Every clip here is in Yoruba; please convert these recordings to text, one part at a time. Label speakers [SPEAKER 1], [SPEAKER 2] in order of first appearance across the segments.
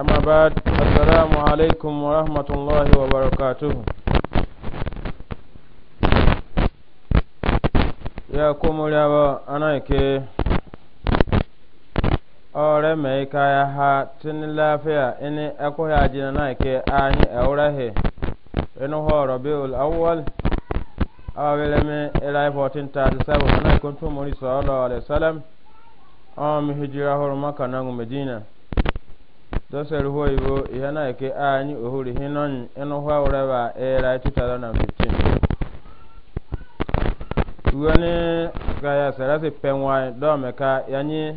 [SPEAKER 1] أما بعد السلام عليكم ورحمة الله وبركاته يا كم يا أنايك ọrẹ mẹ́ka ya ha tini lafiya ini ẹkọ ya na ke anyi ẹwura he inu hɔ bi ul awwal awa wele 1437 ana ikon tumori hijira maka na medina ihe dosel huwa ibo ihana yake anyi uhuri hinon eno huwa ureba era 2015 wani gaya sarasi penwa dome ka yanyi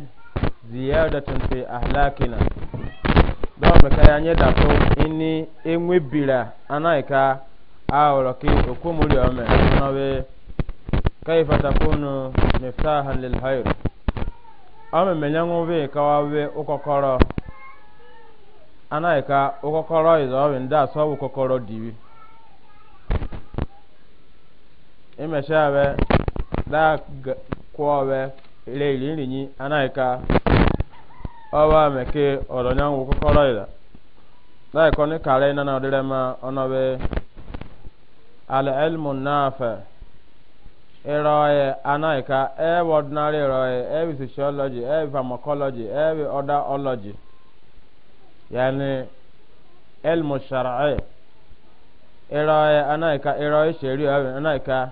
[SPEAKER 1] ziyadatun fi ahlakina dome ka yanyi dato ini enwe bila anaika awoloki okumuli ome onobe kaifa takunu miftahan lilhair ome menyangu bi kawabe ukokoro ana ka ukokoro izobi ndị asọbụ ukokoro dibi imeshabe da kwobe ileili irinyi ana ka ọba meke ọdọnyanwụ ukokoro ila da ikoni kare na na ọdịrị ma ọnọbe ala ilmu nafe iroye ana ka ebe ordinary iroye ebe sociology ebe pharmacology yani ilmu shar'i iroye anaika iroye shari'a abin anaika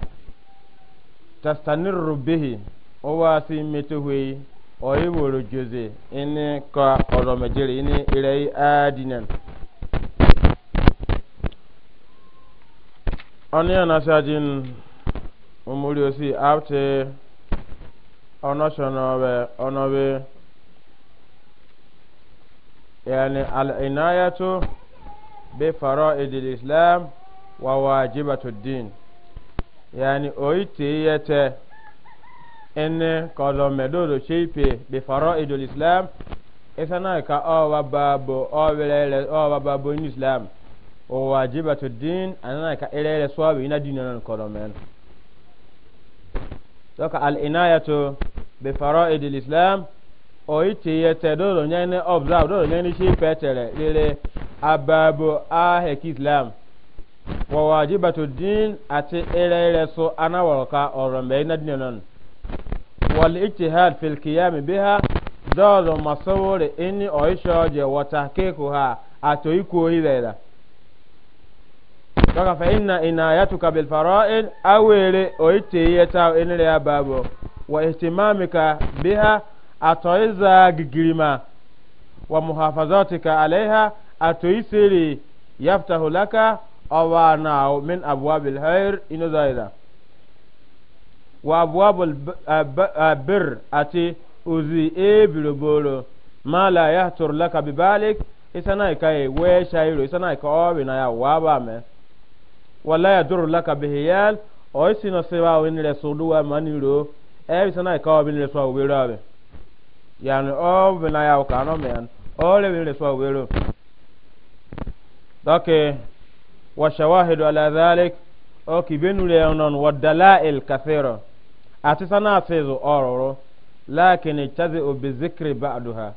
[SPEAKER 1] tastanirru bihi owa si metuhui oyi woro jose ini ka ọrọ mejere ini irei adinan ọni yana sajin umuri osi afte ọnọsọnọ ọbẹ ọnọbẹ يعني العناية بفرائض الإسلام وواجبة الدين يعني أويتية إن قدم مدود شيء بفرائض الإسلام إثناء كأو بابو أو بلال أو بابو الإسلام وواجبة الدين أنا كإلى الصواب إن ديننا قدم ذلك العناية بفرائض الإسلام oiche yete doro nyane observe doro nyane shi petere lele ababo ahek islam wa wajibatu din ati ere ere so anawalka orombe ina dinon wal ijtihad fil qiyam biha doro masawore ini oisho je watahkiku ha ato iku hilela daga fa inna inayatuka bil fara'id awere oiche yeta inere ababu wa ihtimamika biha atoiza gigirima wa muhafazatika alaiha atoisiri yaftahu hulaka awa na min abwabil khair ino zaida wa abwabul bir ati uzi e bilobolo ma la yahtur laka bibalik isana kai we shairo isana ka obi na ya waba me wala yadur laka bihiyal o isina sewa win resuluwa maniro e isana ka obi ni resuluwa we rabe yani o oh, vina ya ka no men o oh, le bi le so dake wa shawahidu ala dhalik o oh, ki benu le non wa dalail kathira ati sana fezo ororo lakin itazi bi zikri ba'daha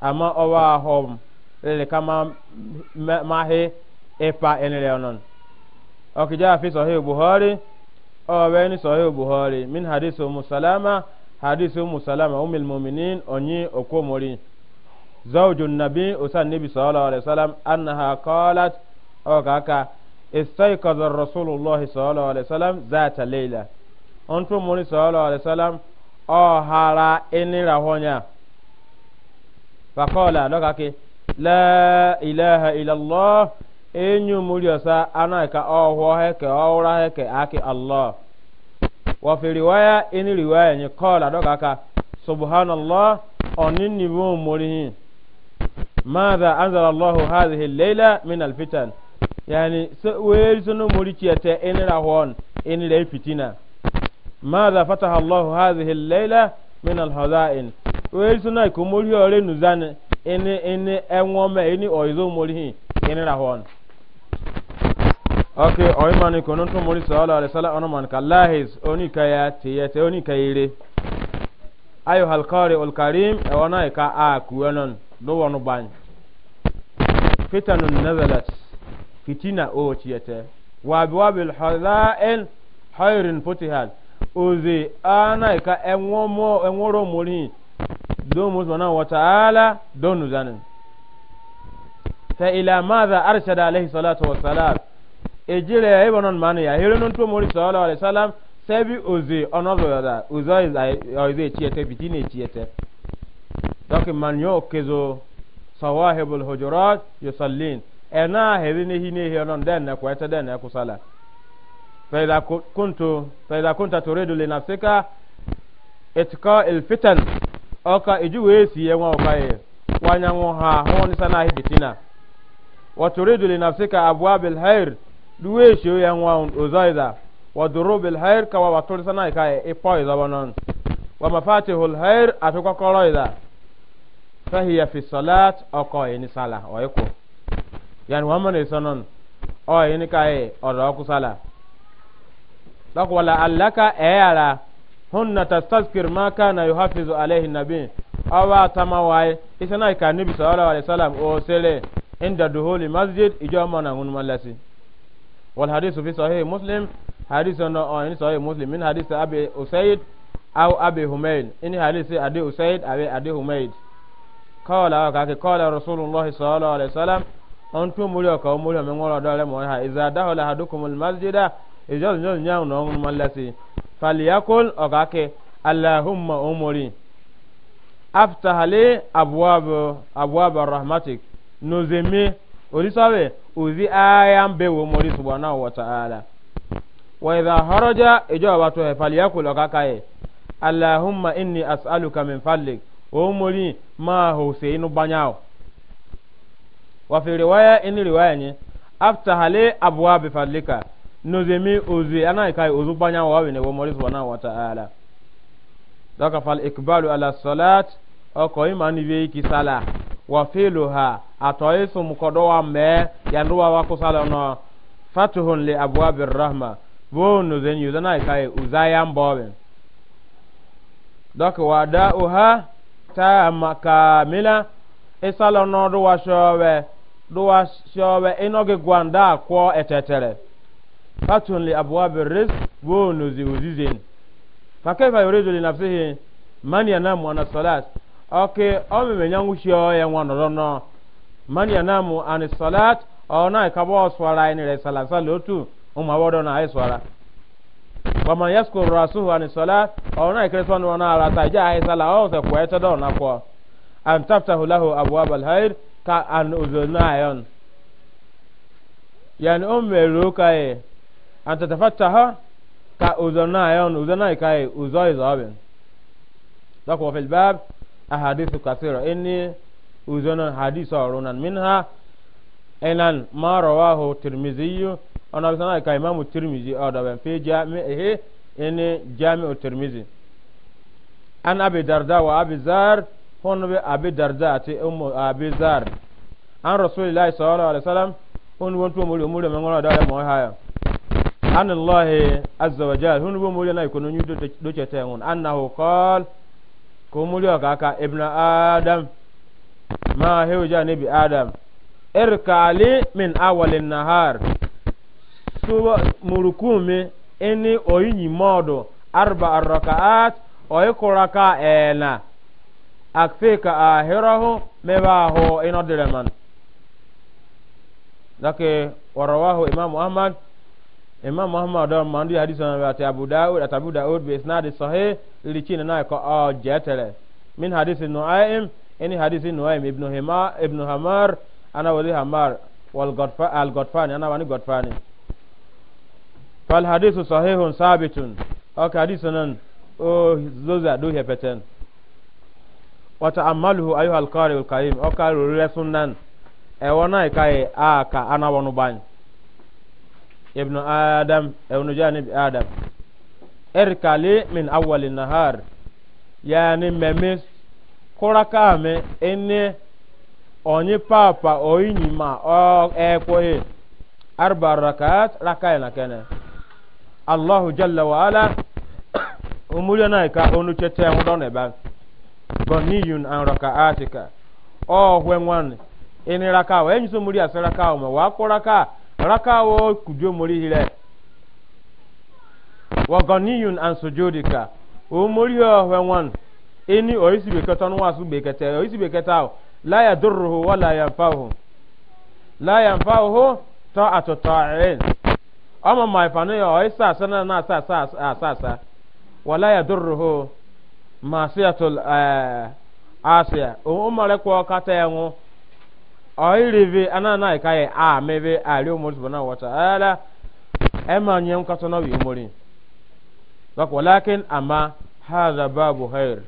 [SPEAKER 1] ama o wa hom le kama mahe epa enele non o ki ja fi sahih buhari o be ni sahih buhari min hadithu musalama hadisi umu salama umu almu'minin onyi okomori zawju nabi usan nabi sallallahu alaihi wasallam annaha qalat o kaka istayqadha rasulullah sallallahu alaihi wasallam zata layla onto mori sallallahu alaihi wasallam o hara enira honya faqala lo kake la ilaha illa allah enyu muri osa anaka o ho heke o ura heke aki allah wa fi riwaya ini riwaya ni kola do kaka subhanallah onin ni bo morihin ماذا أنزل الله هذه الليلة من الفتن يعني ويل سنو مريتي أتى إن رهون إن لي فتنة ماذا فتح الله هذه الليلة من الهزائن ويل سنو يكمل يوري نزان إن إن أموما إن أيزو مريه إن رهون ok oyimani konon to mori sallallahu alaihi wasallam ono man kallahiz oni kaya tiyete oni kayire ayo halqari ul karim e wona e ka a kuwanon do wonu ban fitanun nazalat fitina o tiyete wa bi wa bil halail khairin futihan ozi ana e ka enwomo enworo mori ejire ebonon manu ya hero non to mori sallallahu alaihi wasallam sebi oze onozo yada uzo oze chiete bitine chiete doki man yo kezo sawahibul hujurat yusallin ena hezine hine hiyonon den na kwete den na kusala فإذا كنت فإذا كنت تريد لنفسك إتقاء الفتن أوكا إجو ويسي يوم أوكاي وانيا موها هون سناهي بتنا وتريد لنفسك أبواب الخير duwe shi ya wa uzaida wa durub alhair ka wa tul sana ka e po iza banan wa mafatihul hair atukwa koro iza fa hiya fi salat aqo ni sala o eko yani wa man isanan o ni ka e oro ku sala lak wala allaka e ala hunna tastazkir ma kana yuhafizu alayhi nabi awa tamawai isana ka nabi sallallahu alaihi wasallam o sele inda duhuli masjid ijo mana ngun malasi والحديث في صحيح مسلم حديث أن صحيح مسلم من حديث أبي أسيد أو أبي هميد إن حديث أبي أسيد أبي أبي هميد قال وكاكي قال رسول الله صلى الله عليه وسلم أنتم مليو كوموليو من ولا دولة موحى إذا دخل أحدكم المسجد إجاز نجاز نعم نجاز ملسي فليقل وكاكي اللهم أمري أفتح لي أبواب أبواب رحمتك نزمي orisabe uzi ayan be wo mori subhanahu wa ta'ala wa idha haraja ijo wa to e, falyakul kakaye allahumma inni as'aluka min fadlik o mori ma husainu banyao wa fi riwaya in riwaya ni aftaha li abwab fadlika nuzemi uzi ana kai e, uzu banyao wa ne wo mori subhanahu wa ta'ala daga fal ikbalu ala salat o ko imani be ki salah ha wa wafiluha atoisu mukodowa me yanduwa wakusala no fatuhun li abwabi rahma bonu zen yuzana kai uzayan wa dok wadauha ta ma makamila isala no duwa showe duwa showe inoge gwanda kwo etetere fatun li abwabi rizq bonu zi uzizin fakaifa yuridu li nafsihi man yanamu ana salat oke omeme nyanwushi oya nwa nọrọ nọ mani anamu ani salat ona ikabo swara ini re sala sala otu ụmụ wodo na ai swara wa man yaskur rasuhu ani salat ona ikre swanu ona ara ta ja ai sala o se ko eta do na ko an taftahu lahu abwab alhair ka an uzuna yon yani umme and an ha ka uzuna yon uzuna kai uzoi zabin dakwa fil bab ahadithu kasira inni uzonan hadis orunan minha enan ma rawahu tirmiziyu ona bisana ka imam tirmizi oda ben fi jami ehe inni jami tirmizi an abi darda wa abi zar hono be abi darda ati ummu abi zar an rasulillahi sallallahu alaihi wasallam hun wontu mo mo mo ngona da mo haya an allah azza wa jalla hun bo na ikono nyu do do chete annahu qala kumuli wa kaka ibn adam ma hewja nabi adam irkali min awalin nahar suwa murukumi ini oyinyi modo arba arrakaat oyi kuraka ena akfika ahirahu mebaho ino direman dake warawahu imamu ahmad imam muhammad don mandu hadis on wa ta abu daud at abu daud bi isnad sahih li na ko o jetere min hadis nuaim ini hadis nuaim ibnu hima ibnu hamar ana wali hamar wal godfa al godfani ana wani godfani fal hadis sahihun sabitun o ka nan o oh, zoza do hepeten wa ta'ammaluhu ayuha al qari al qaim o ka rure sunnan e wona kai aka ana bani ibnu adam ibnu janib adam erkali min awwal nahar yani memis kuraka me ene onye papa oyinyi ma o ekwohe arba rakat rakai na kene allahu jalla wa ala umuri na ka onu chete hu don eba boniyun an rakaatika o hwenwan ini rakawa enyi so muri asiraka o ma wa kuraka raka wo kudio mori hile wa ganiyun an sujudika o mori ho hwenwan eni o isi bekata no asu bekata o isi bekata la yadurruhu wa la yanfa'uhu la yanfa'uhu ta'atu ta'in ama mai fanu yo isa asaa na sa sa sa sa wa la yadurruhu masiyatul eh, asiya o umare ko kata yanwo oyirivi anana ikaye a mebe ari umuri subhanahu wa ta'ala ema nyem katona wi umuri lak walakin amma hadha babu khair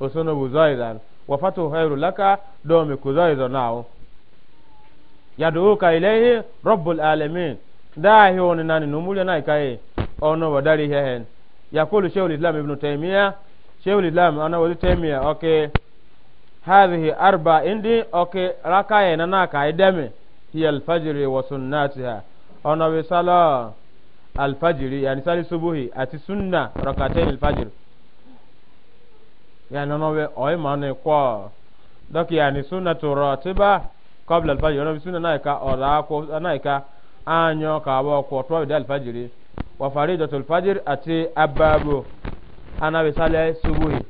[SPEAKER 1] usono buzaidan wa fatu khairu laka do mi kuzaidan nawo yaduka ilayhi rabbul alamin dahi woni nani numuli na ikaye ono wadari hehen yakulu shaykhul islam ibn taymiya shaykhul islam ana wazi taymiya okay هذه أربع عندي أوكي ركعة نناك عدمي هي الفجر وسناتها أنا بصلاة الفجر يعني صلاة الصبح أتي سنة ركعتين الفجر يعني أنا أي معنى قا دك يعني سنة راتبة قبل الفجر أنا بسنة نايكا أراكو نايكا أنيو كابو كوتوا بدال الفجر وفريدة الفجر أتي أبابو أنا بصلاة الصبح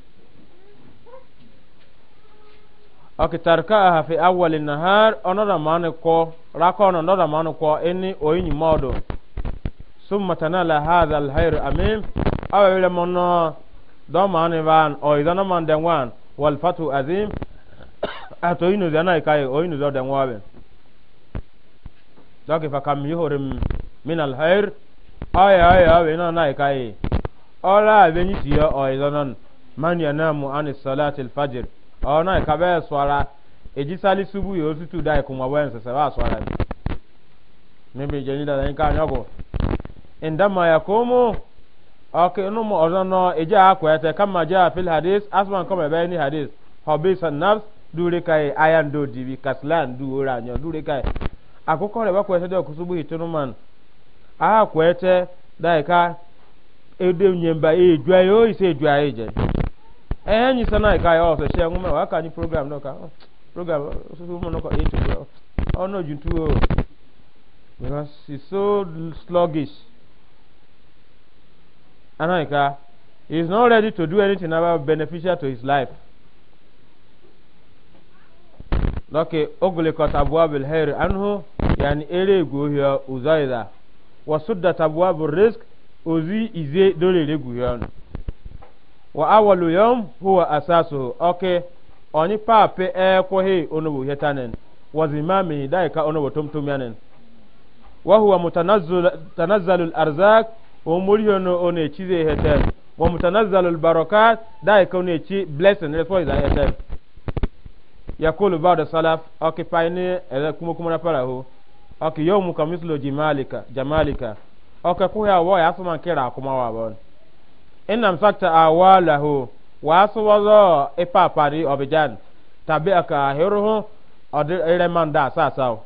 [SPEAKER 1] akitarkaha fi awali nahar onoda mani ko rakono onoda mani ko eni oyinyi modo summa tanala hadha alhayr amim awa wile mono do mani van o idana man den wan wal fatu azim ato inu zana ikai o inu zo den wabe doki fa kam yuhurim min alhayr aya aya awe ina na ikai ola abenyi tiyo o idana man yanamu anis salati alfajr ọ̀nà ìkàbẹ́ ẹ̀sọ́ra èjísálí ṣubú yóò tútù dá ìkùnmọ̀ wẹ́n sẹ̀sẹ̀ wá sọ́ra ni níbi ìjẹ́ nídàá anyị ọgụ nyọ́kù ìdámọ̀ ẹ̀kọ́ mú ọkẹ́ inú mu ọzọ nọ eji agha ẹ̀tẹ̀ kàmá jẹ́ àfil hadith asman kọ́mọ ẹ̀bẹ́ ní hadith hobby sanabs dúró káyé ayan dò kasilan oyi si ee nyi sɛ naa kaa yɛ ɔsɛ hyɛ nwoma wa aka program naa ɔka program soso oh, mu no kɔ eight o'clock ɔno juntu o because so sluggish anaika he is not ready to do anything about beneficial to his life lɔke ogulikɔt abuabil hɛri anhu yani ere eguhia uzaida wasudat abuabil risk ozi ize dole ere eguhia no. wa awalu yom huwa asasu oke oni pape e ko he onobu yetanen wa zimami dai ka onobu tumtum yanen wa huwa mutanazzal tanazzalul arzak o muriyono one chize heten wa mutanazzalul barakat dai ka one chi blessing le fo izai heten yakulu ba'da salaf oke paine ele kuma kuma na para ho oke yomu kamislo jimalika jamalika oke ko ya wa ya suman kira kuma wa bon ina msakta awalahu wasu wazo pari obijan tabi aka ahiruhu odireman da sasaw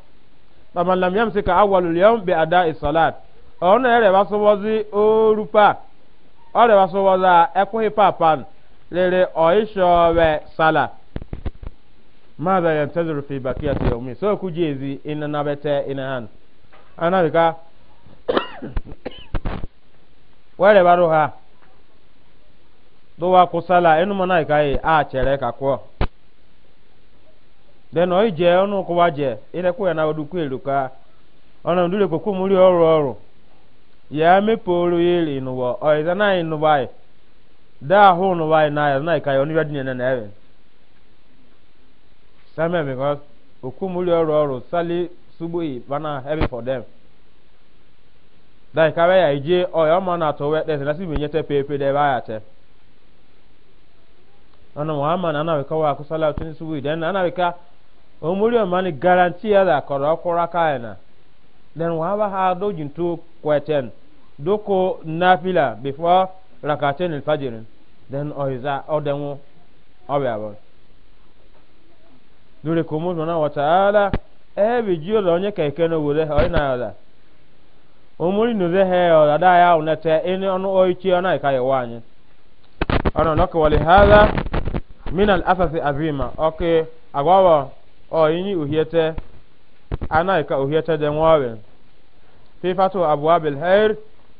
[SPEAKER 1] faman lam yamsika awwalul yawm bi ada'i salat ona ere wasu wazi orupa ore wasu waza ekuhi papan lere oishowe sala ماذا ينتظر في بقية يومه سو كجيزي إن نبتة إن هان أنا بكا ولا بروها do wa kusala enu mana a chere ka ko den oyi je onu ko je ile ko ya na odu ku elu ka ona ndule ko ku muri oru ya me polu ile nu wo oyi za na inu bai da hu nu bai na ya na ka onu yadi ne na ewe same because oku muri oru oru sali subuhi bana heavy for them dai ka ya ije oyi o ma na to we des na si bi nyete pepe de ba ya te ana muhammad ana wika wa ku salatu ni subu den ana wika o muri o mani garantia da koro akora kaina den wa ba ha do jintu kweten doko nafila before rakatain alfajr den o iza o denwo o be abo dole ko mo na wa taala e bi ji o onye keke no wure o na ala o muri no ze he o da ya unete ene onu oichi ona ka ye wa anyi ọ̀nà lọ́kì wọlé hàdà minal asasi azima ọ̀kì àgbọ̀wọ̀ ọ̀yìnyí òhìẹ́tẹ́ anáìka òhìẹ́tẹ́ dẹ̀ wọ́ọ̀rẹ̀ fífàtò àbúwá bilhair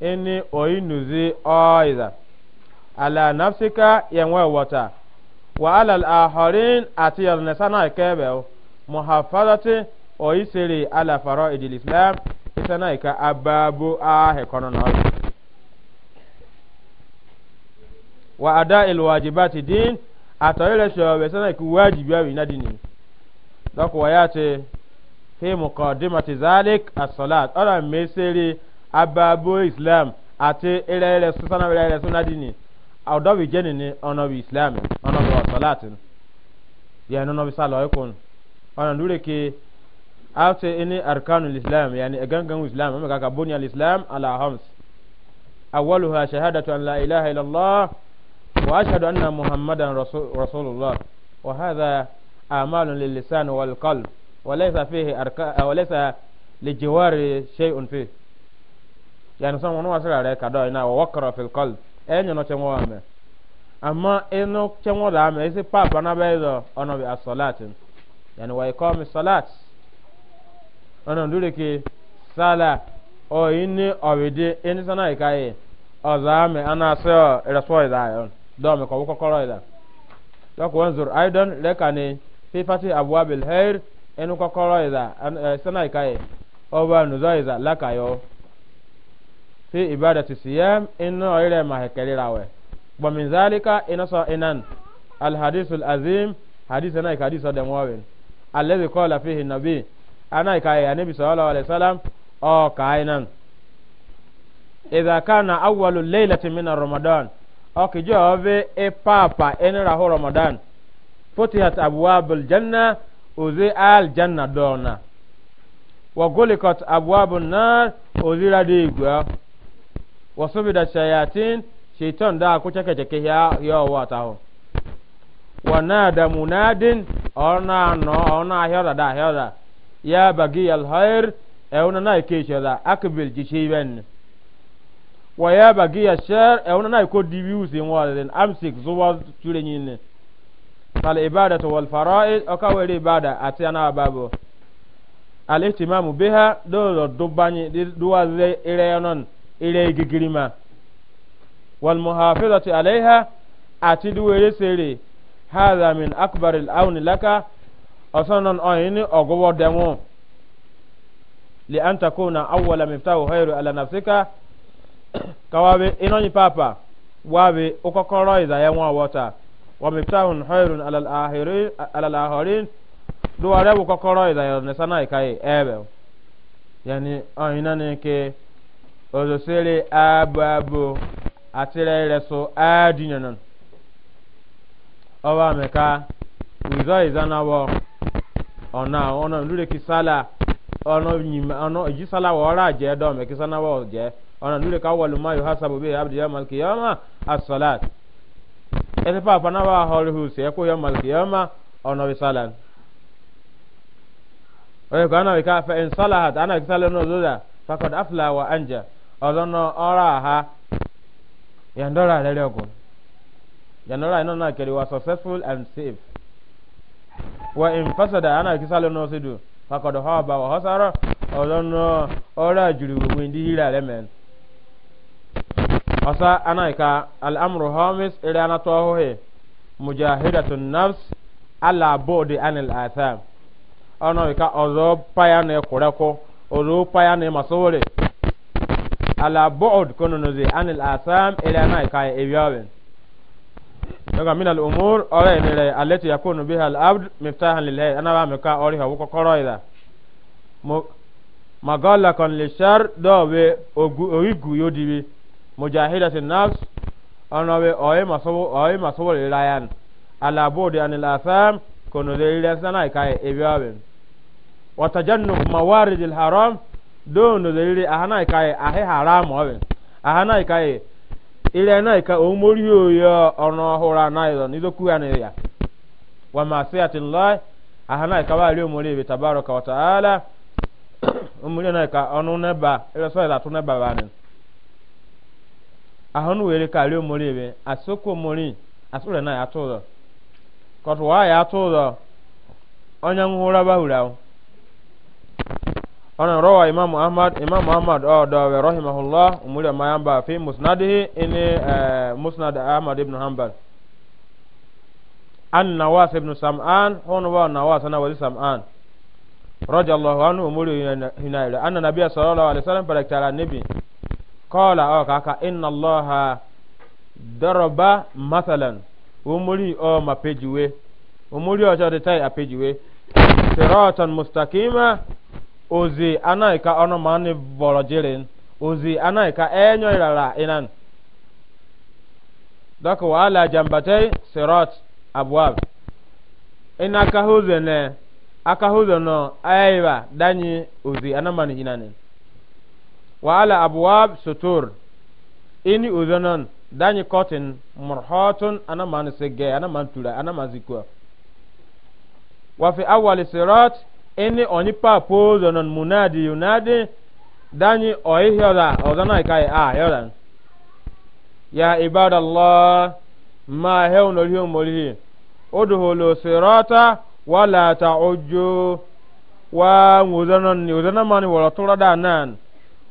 [SPEAKER 1] ẹni ọ̀yìnùzí ọ̀ìdà àlà nàfsíkà yẹ̀wọ̀ wọ̀tà wàhálà àhọ̀rín àti ọ̀nẹ́sánà ìkẹ́bẹ̀ mọ̀hàfàdàtì ọ̀yìsèrè àlàfàrọ̀ ìdìlì islam ìsánáìka abáàbò ahẹ̀kọ́nà náà. wa ada ilwajibati din atoyele showe sana ku wajibi awi na dini dako wayate fi muqaddimati zalik as-salat ala meseri ababu islam ati ilele sana ilele sana dini awdo wi jeni ni ono wi islam ono wi salat ya no no wi salo ikun ona dure ke afte ini arkanul islam yani egangan islam amaka ka bunya al islam ala hams awwaluha shahadatu an la ilaha illallah وأشهد أن محمدا رسول, رسول الله وهذا أعمال للسان والقلب وليس فيه أركا وليس لجوار شيء فيه يعني سمع نواسر عليك دائنا ووقر في القلب أين نتموى أمه amma inu chenwo da ama isi papa na bezo ono bi asolatin yani wa ikomi salat ono dure ki sala o ini obidi ini sana ikaye oza ame ana so irasuwa izayon dɔmi kɔ wokɔ kɔrɔ ila dɔk wanzur aidan lɛkani fi fati abwabil hair ɛnu kɔ kɔrɔ ila sɛnɛ ika ye ɔba nuzɔ ila laka yɔ fi ibadati siyam inu ɔyɛrɛ ma hɛkɛli la wɛ gbɔmin zalika ina sɔ inan alhadisul azim hadis ɛnɛ ika hadis ɔdɛm wɔwin alɛbi kɔla fihi nabi ana ika ye anabi sɔɔlɔ alayhi salam ɔɔ kaa inan idha kana awwalu laylati min ramadan ọkìjọ ọbẹ e ipaapa ẹni rahọ ramadan futihat abuwabul janna ozi al janna dọọna wagolikot abuwabul naar ozi rade igwe wasubida shayatin shaitan da ku cakacake ya yawa taho wana da munadin ona no ona ahioda da ahioda ya bagi alhair euna na da akbil jishiben waya bagi ya shar e eh, wona nay ko diwi usin waden amsik zuwa ture nyine fal ibadatu wal fara'id o ka wari ibada ati ana babo al ihtimamu biha do do dubani duwa ze ire non ire gigirima wal muhafazati alaiha ati duwere sere hadha min akbar al awn laka asanan ayni ogowo demo li an takuna awwala miftahu khairu ala nafsika kawabe inonyi papa wabe ukokoro iza ya nwa wata wa miftahun khairun alal ahirin alal ahirin duware ukokoro iza ya ne sana ikai ebe yani oyina ne ke ozosere ababo atire reso adinyanan oba meka wizo izana wo ona ona lure kisala ono nyima ono ijisala wo je do me kisana wo je ona dule ka awwalu ma yuhasabu bihi abdu yawm al-qiyama as-salat ete pa pana wa holu hu se ko yawm al-qiyama ona bi salan oye ko ana ka fa in salahat ana ki salan no zuda faqad afla wa anja odono ora ha yandora lele ko yandora ino na keri wa successful and safe wa in fasada ana ki salan no sidu faqad haba wa hasara odono ora juru wendi hira lemen asa ana ka al'amru homis ire ana tohohe mujahidatun nafs ala bodi anil atham ana ka ozo paya ne kureko ozo paya ne masore ala bod kono nozi anil atham ire ana ka ebiyawen daga min al'umur ore ne re alati yakunu biha al'abd miftahan lillahi ana ba meka ori hawo kokoro ida magala kan lishar dowe ogu oigu yodibi mujahidati nafs ana be oye masobo oye masobo le layan ala bodi anil atham kono le le sana kai ebiaben wa tajannub mawarid al haram do no le le ahana kai ahe haram oben ahana kai ile na ka o mori oyo ona hora na ido ni do kuya ne ya wa ma'siyati allah ahana ka ba le mori bi tabaraka wa taala umuri na ka onu ne ba ile so ila tun ne ba ba ne ahụnụ were karịa omori ebe asoko omori asụrụ na ya atụ ụzọ kọtụwa ya atụ ụzọ onye nwụrụ bahuru ahụ ọnà rọwà imam ahmad imam ahmad ọdọ wẹ rahimahullah umuri amayamba fi musnadihi ini eh, musnad ahmad ibn hanbal an nawas ibn sam'an honu wa nawas na wali sam'an radiyallahu anhu umuri hinayra anna nabiyya sallallahu alaihi wasallam baraktala nabi Kọla o oh, kaka inna allaha daraba masalan umuri o oh, mapejiwe umuri o oh, jode tai apejiwe siratan mustaqima ozi anaghị anaika ono mani borojirin ozi ka enyo irara inan dɔk wa ala jambatɛ sirɔt abwab ina kahuzene akahuzeno aiba danyi ozi anamani hinani وعلى أبواب ستور إني أذنان داني كوتن مرحوتن أنا ما نسجى أنا ما نتولى أنا ما زكوا وفي أول سرات إني أني بابو ذنان منادي ينادي داني أيه يلا أذنان كاي آه يلا يا عباد الله ما هون اليوم مليه ادخلوا سراتا ولا تعجوا وذنان وذنان ماني ولا تردانان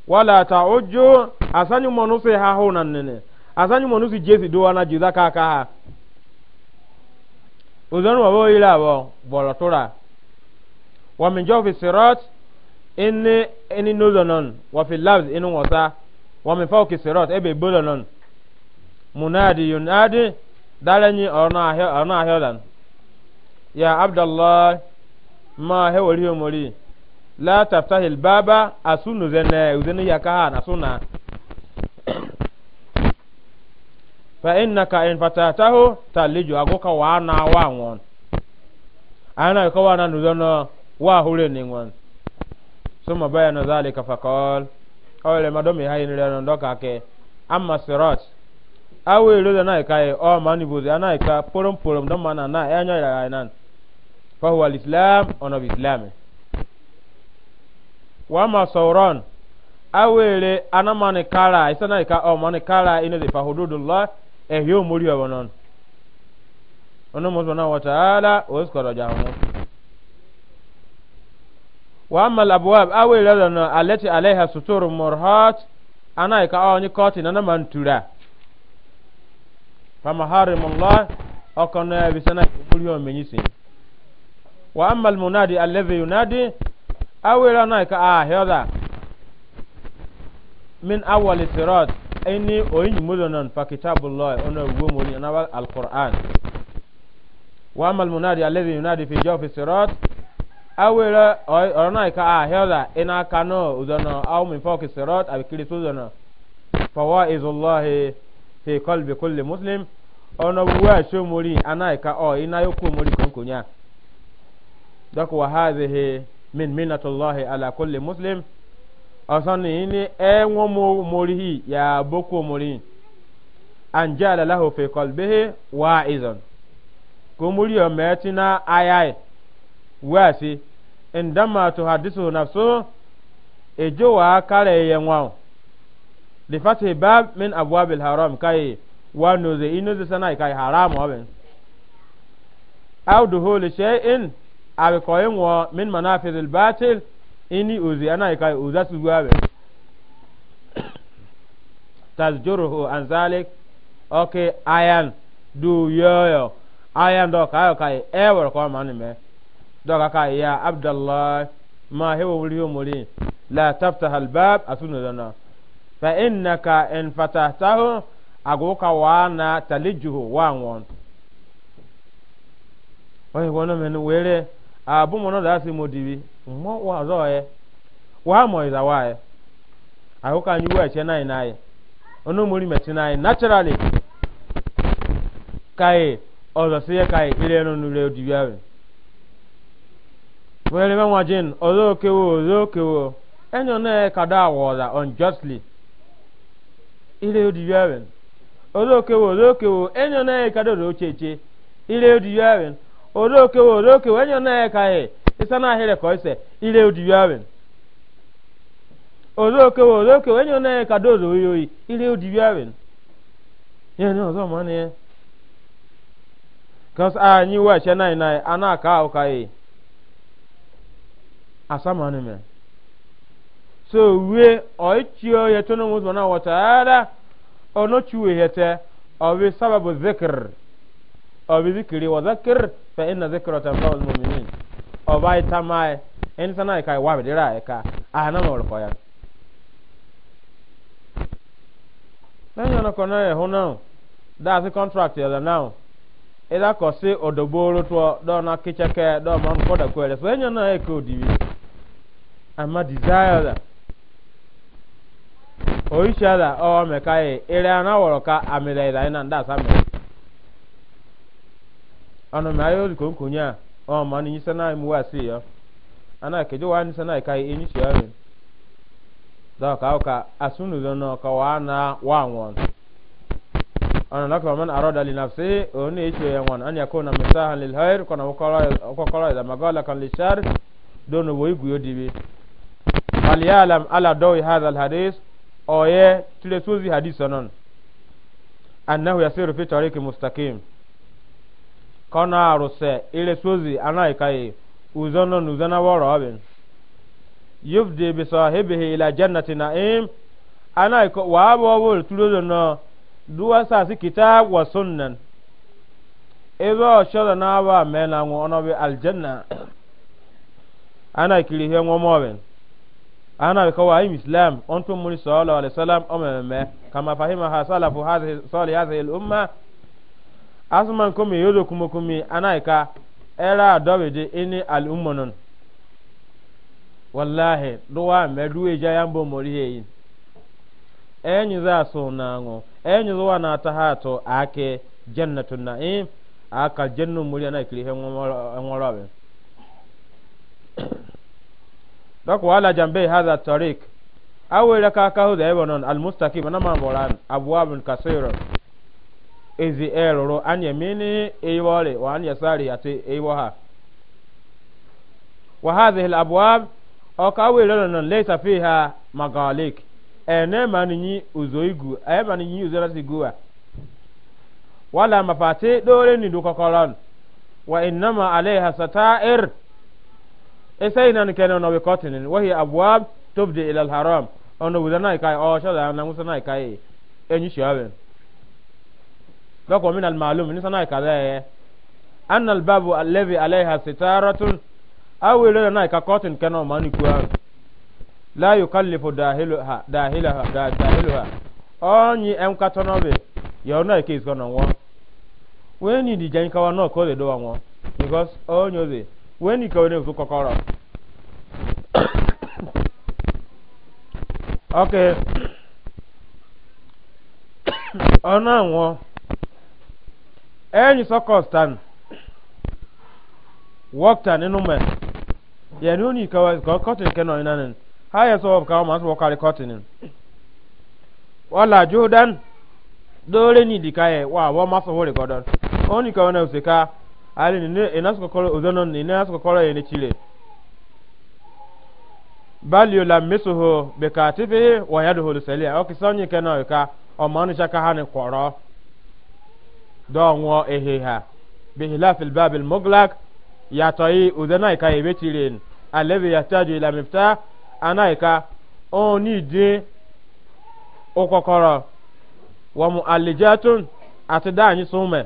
[SPEAKER 1] wala ta ojo asanyu monu se ha ho na nene asanyu monu si jesi do na jiza ka ka ha uzanu wa boyi la bo bolotura wa min jo fi sirat inni inni nuzanon wa fi labs inu wasa wa min fawki sirat ebe bolonon munadi yunadi dalanyi ona ahyo ona ahyo dan ya abdallah ma hewali mori la taftahil baba asunu zene uzene yakaha nasuna fa innaka in fatatahu taliju agoka wa na wa won ana ko wa na nuzono wa hure ni won suma bayana zalika faqal awle madomi hayin le non ka ke amma sirat awe lo na kai o mani buzi ana ka porom porom don mana na enyo ya nan fa huwa al-islam ono bi wama sauran awere anamani kara na ika omani oh, kara ina de fa hududullah ehye omori obonon ono mo subhanahu wa ta'ala waskara jamu wa amma al-abwab awere lana allati alaiha sutur murhat ana ika onyi oh, koti na man tura fa maharimullah okona bisana omori omenyisin wa amma al-munadi yunadi awira na ka a ah, hioda min awali sirat ini oyin mulonon fa kitabullah ono wo moni na wal alquran wa amal munadi alladhi yunadi fi jawfi sirat awira orona ka a ah, hioda ina kano uzono aw min fawki sirat abikiri suzono fawaizullah fi qalbi kulli muslim ono wa shomori anaika o oh, ina yoku mori konkonya dak wa hadhihi min minnatullahi ala kulli muslim asani ni e ngo mo morihi ya boko mori an jala lahu fi qalbihi wa'izan ko muri o metina ayai wasi indama to hadisu nafsu ejo wa kare ye nwa li fatih bab min abwabil haram kai wa nuzi inuzi sanai kai haram wa ben au duhul shay'in abe koyen wo min manafidil batil ini uzi ana ka uza su gabe tazjuruhu an zalik okay ayan du yoyo ayan do kayo kai ewer ko mani me do ka kai ya abdullah ma hewa wuri muri la taftah al bab asunu dana fa innaka in fatahtahu agoka wana talijuhu wa won oye wono men were abumono da si modibi mo wa zo ye wa mo iza wa ye aho ka nyu wa che nai nai ono muri meti nai naturally kai ozo si ye kai ile no nure odibi awe wele ma wa jin ozo kewo ozo kewo enyo na ka da wa da unjustly ile odibi awe ozo kewo ozo kewo enyo na ka do do ocheche ire odibi awe oroke wo oroke wo enyo na eka e isa na ahire ko ise ile odiwi awen oroke wo oroke wo enyo na eka dozo oyoyi ile odiwi awen ye ni ozo ma ni cause anyi wa che nai nai ana ka o kai asama ni me so we oichio ye tono mo na wata ara ono chuwe hete owe sababu zikr أو بذكري وذكر فإن ذكرى تنفع المؤمنين أو باي تماي إن سنة كاي وابد راي كا أنا ما أقول كويا لأن أنا كنا هنا ده في contract يلا now إذا كوسي أدبورو تو ده نا كيتشكة ده ما نقدر كويا فإن أنا إكو ديبي أما desire ده oyiṣẹ́ la ọ̀ mẹ́ka yìí eré anáwọ̀rọ̀ ká àmì rẹ̀ ìdáyìí náà ń dà sámi ana ma ayo liko nkonya o ma ni nyisa na mu wasi yo ana ke jo wa ni sana kai enyi shi ayo da ka ka asunu lo no ka wa na wa won ana na ka man arada li nafsi o ne ichi ya won an yakuna misahan lil khair kana wakala wakala da magala kan li shar don wo igu yo dibi fal ya'lam ala dawi hadha al hadith o ye tire sozi hadith onon annahu yasiru fi tariqi mustaqim kona aruse ile sozi anaikai uzono nuzana woro abin yubdi bi sahibihi ila jannati na'im anaiko wa abawul tulodo no duwa sa si kitab wa sunnan ebe shoda na wa mena nwo ono bi aljanna ana kiri he nwo mo ben ana ko wa islam onto muri sallallahu alaihi kama fahima ha salafu hadhihi salih hadhihi al umma asuman kome yodo kuma kome anaika era dawidi ini al'ummanon wallahi duwa meduwe jayambo moriheyin enyi za so nango enyi zuwa na ta hato ake jannatun na'im aka jannun muri ana kirihe nwarabe dok wala jambe hadha tariq awira ka ka hu da ibonon al mustaqim na ma boran abwabun kasirun ezi eruru anya mini eiwori wa anya sari ati eiwoha wa hadhihi alabwab okawe lolonon laysa fiha magalik ene maninyi uzoigu e maninyi uzorasiguwa wala mafati dore ni dukokoron wa innama alaiha sata'ir esaina ni kenan owe kotinin wahi abuab, tubdi ila alharam ono wudana ikai o shoda na musana ikai enyi shawen dɔk wa al ma'lum ni sanai kaza ye eh. an al babu alladhi alayha sitaratun aw ila na ka cotton kana ma ni kuwa la yukallifu dahiluha be is when you di jan ka wa no do wa won because when you ka we so kokoro okay ona won ɛnyi sɔkɔs tan wɔk tan inu mɛ yɛni o ni kawa kɔtin kɛ nɔyi nanin ha yɛ sɔ kawa ma sɔ kari kɔtin wala jordan dole ni dika yɛ wa wɔ ma sɔ wori kɔdɔn o ni kawa na usika ali ni ne ina sɔ kɔkɔrɔ ozono ni ina sɔ kɔkɔrɔ yɛ ni chile balio la mesoho bekaatifihi wa yadoholu sɛliya ɔkisɔnyi kɛ nɔyi ka ɔmanu saka ha ni kɔrɔ. dɔnwɔ eheha bihilaf albab almuglaq yatɔyi udenai ka ebe tirin alebi yataju ila mifta anai ka oni de okokoro wa muallijatun ati danyi sume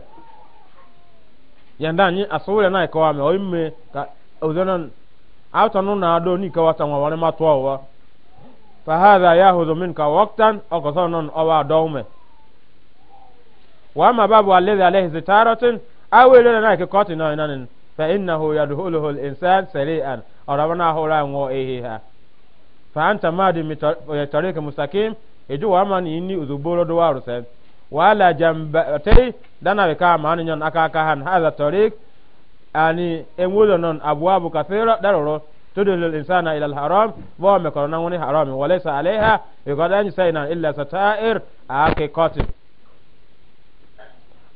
[SPEAKER 1] yanda anyi asowore nai ka wame oimme ka udenan awtanu na ado ni ka wata nwa wani matuwa wa fa hadha yahudhu minka waqtan okosonon owa dawme وأما باب الذي عليه ستارة أو إلى نايك كوتي نوينان فإنه يدخله الإنسان سريعا أربنا هولا مو إيها فأنت مادي بطريق مستقيم إجو وأما إني أزبور دوار سيد وعلى جنبتي دانا بكا ماني نيون أكا كهان هذا الطريق أني أمولو نون أبواب كثيرة دارورو تدل الإنسان إلى الحرام وهم يقولون حرام وليس عليها يقول أن سينا إلا ستائر أكي كوتي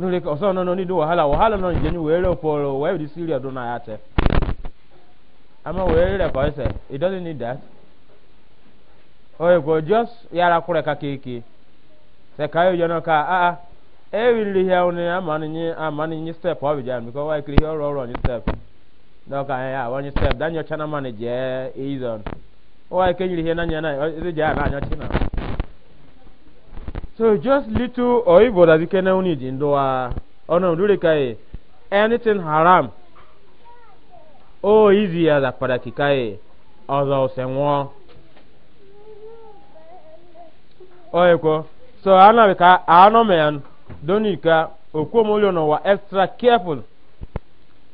[SPEAKER 1] nule ka ọsọ nọ n'idu wahala wahala nọ njẹ ni wee rẹ pọrọ di siri ọdun na ya ama wee rẹ kọ ẹsẹ it doesn't need that oye oh, ko just yara kure ka keeke sẹ ka yóò jẹun ka a e wili hẹ ọ ni ama ah, ni nyi ama step ọ bi jẹ mi kọ wa ekiri ọrọ ọrọ nyi step dọka ẹ ya wọn nyi step danyọ chana ma ni jẹ eyi zọn wa ekiri hẹ na nyẹ na ẹ ẹ ti jẹ ya na anyọ chi na. so just little oyibo that you can only do ndo a ono ndure kai anything haram o easy as a padaki kai ozo senwo oyeko so ana ka ano men donika okwomolio no wa extra careful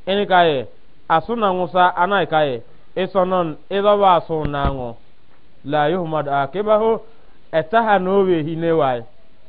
[SPEAKER 1] any kai asuna ngusa ana e kai isonon idoba na ngo la yuhmad akibahu etaha no we hinewa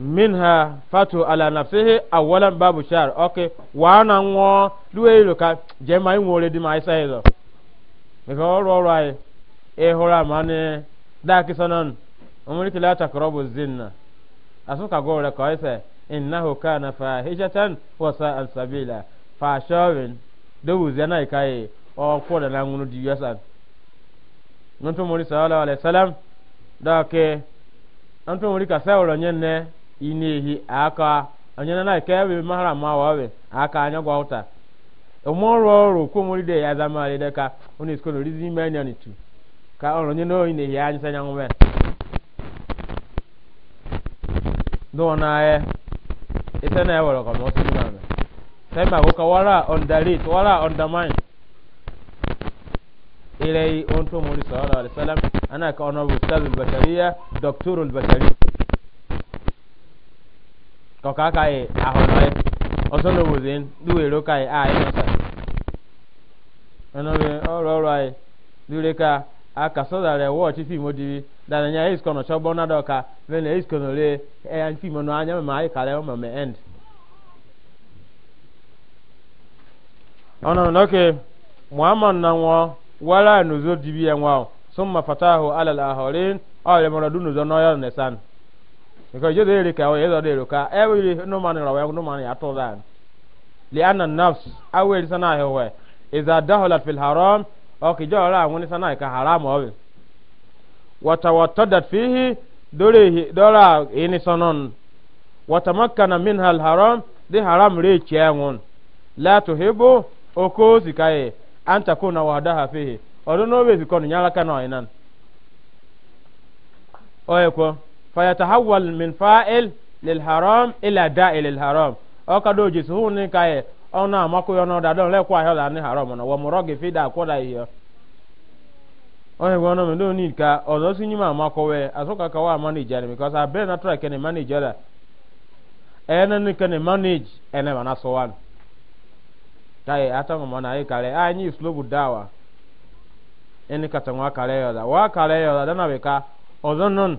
[SPEAKER 1] minha fatu ala nafsihi awalan babu shar okay wa na ngo duwe lo ka je mai ngore di mai sai do me ko ro ro ai e hora mane da ki sanan umri la takrabu zinna asuka go re ko ise innahu kana fahishatan wa sa'al sabila fa shawin do buzana kai o ko da na ngunu di yasan nonto muri sallallahu alaihi wasallam da ke anto muri ka sa ro nyen ne inehi aka anyana na kebe mahara ma wawe aka anya gwauta omoro oro ko muri de ya zama le deka oni sko no rizi me anya nitu ka oro nyeno inehi anya sanya ngwe do na e ita na e woro ko mo tuna na sai ma ko wala on dalit wala on damain إلي أنتم صلى salam ana وسلم أنا كأنه أستاذ البشرية دكتور البشرية kọka ka ị ahọrọ ị ọsọ na owozi duwere ka ị a ịnọsa ọnọdụ ọrụ ọrụ anyị dure ka a aka sọdara ẹwọ ọchị fim odiri dara nya iskọ nọchọ bọ na dọka vena iskọ nọrọ ẹyà fim nọ anya mma anyị kara ọma ma end ọnọdụ nọke muhammad na nwa wara n'ụzọ dibi ya nwa summa fatahu alal ahorin ọ rẹmọrọ dunuzo n'ọyọ nesan because you jẹ́ you ka ọ̀yẹ́ dọ̀ dèrè No man in the rọ̀ wẹ́ numani atọ́ dáa The ana nafs I will awo eri sana ahẹ́ wẹ́ that daholat fil haram Okay, ọkì jẹ́ ọ̀rọ̀ àwọn sana ka haram What I was that fee, do wọ́tawọ́tọ́ dat fihi dọ́rẹ̀ dọ́rọ̀ ẹni sọ́nọ́n wọ́tamakana min hal haram The haram rẹ̀ kyẹ́ wọn látò hebo okó sikaye antakó na wàdá hafihi ọdún n'obe zikọ́ ni nyalaka náà ẹ̀ nan ọ̀yẹ́ kọ́. فيتحول من فاعل للحرام إلى داء للحرام أكدو جسهون كاي أنا ماكو ينو دادون لا كوا هذا أنا حرام أنا ومرق في دا كوا هي ohe gwana mendo need ka ozo sinyi ma makowe asoka ka wa because i na ken da ene ni ken manage ene so wan tai ata mo na e kale slow dawa ene kale yo da wa kale yo da na be ka non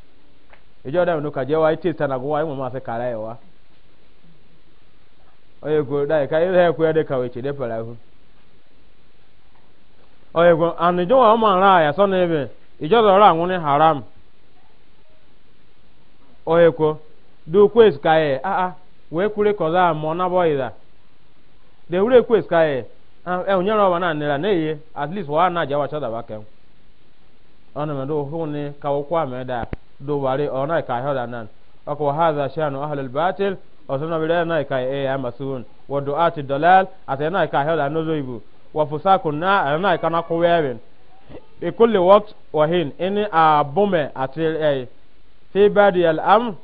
[SPEAKER 1] ejo da no ka je wa ite sana wa mo ma se kala e wa oye go da ka ile ku ya de ka we che de oye go an jo wa ma ra ya so ne be ijo do ra haram oye ko do kwes ka e a a we kure ko za mo na boy e da de wure kwes e e unyero wa na nira na ye at least wa na ja wa cha da ba ke onu ni ka wo kwa do wari ona ka hoda nan ako hadha shanu ahlul batil osana bidaya na ka e ya masun wa du'ati dalal atana ka hoda no zoibu wa fusakun na ana ka na ko wewen e kulli waqt wa hin in a bume atil e fi badi al am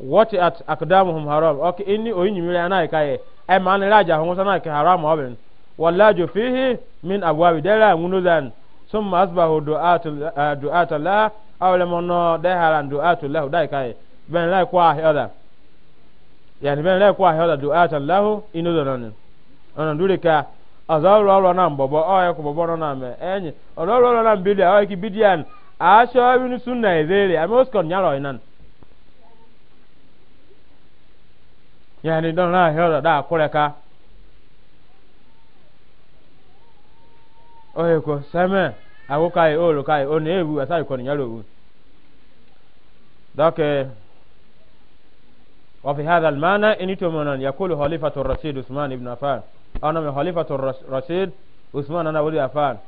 [SPEAKER 1] wati at aqdamuhum haram ok inni o yinyimire ana ka e e man raja hon sana ka haram oben wallaju fihi min abwabi dara ngunuzan summa asbahu du'atul eh, du'atul awle mono de haran du'atu lahu dai kai ben lai kwa hada yani ben lai kwa hada du'atan lahu inu donan ona durika azawro awro na mbobo o ya kubobo na me enyi ororo ro na mbidi o ki bidian asho binu sunna ezere amoskon nyaro inan yani don na hada da kureka oye ko same ako kai olo kai o ne ebu asai kon nyalo bu dake wa fi hadha al mana in tumanan yaqulu khalifatu ar usman ibn affan ana min khalifatu ar-rashid usman ana wali affan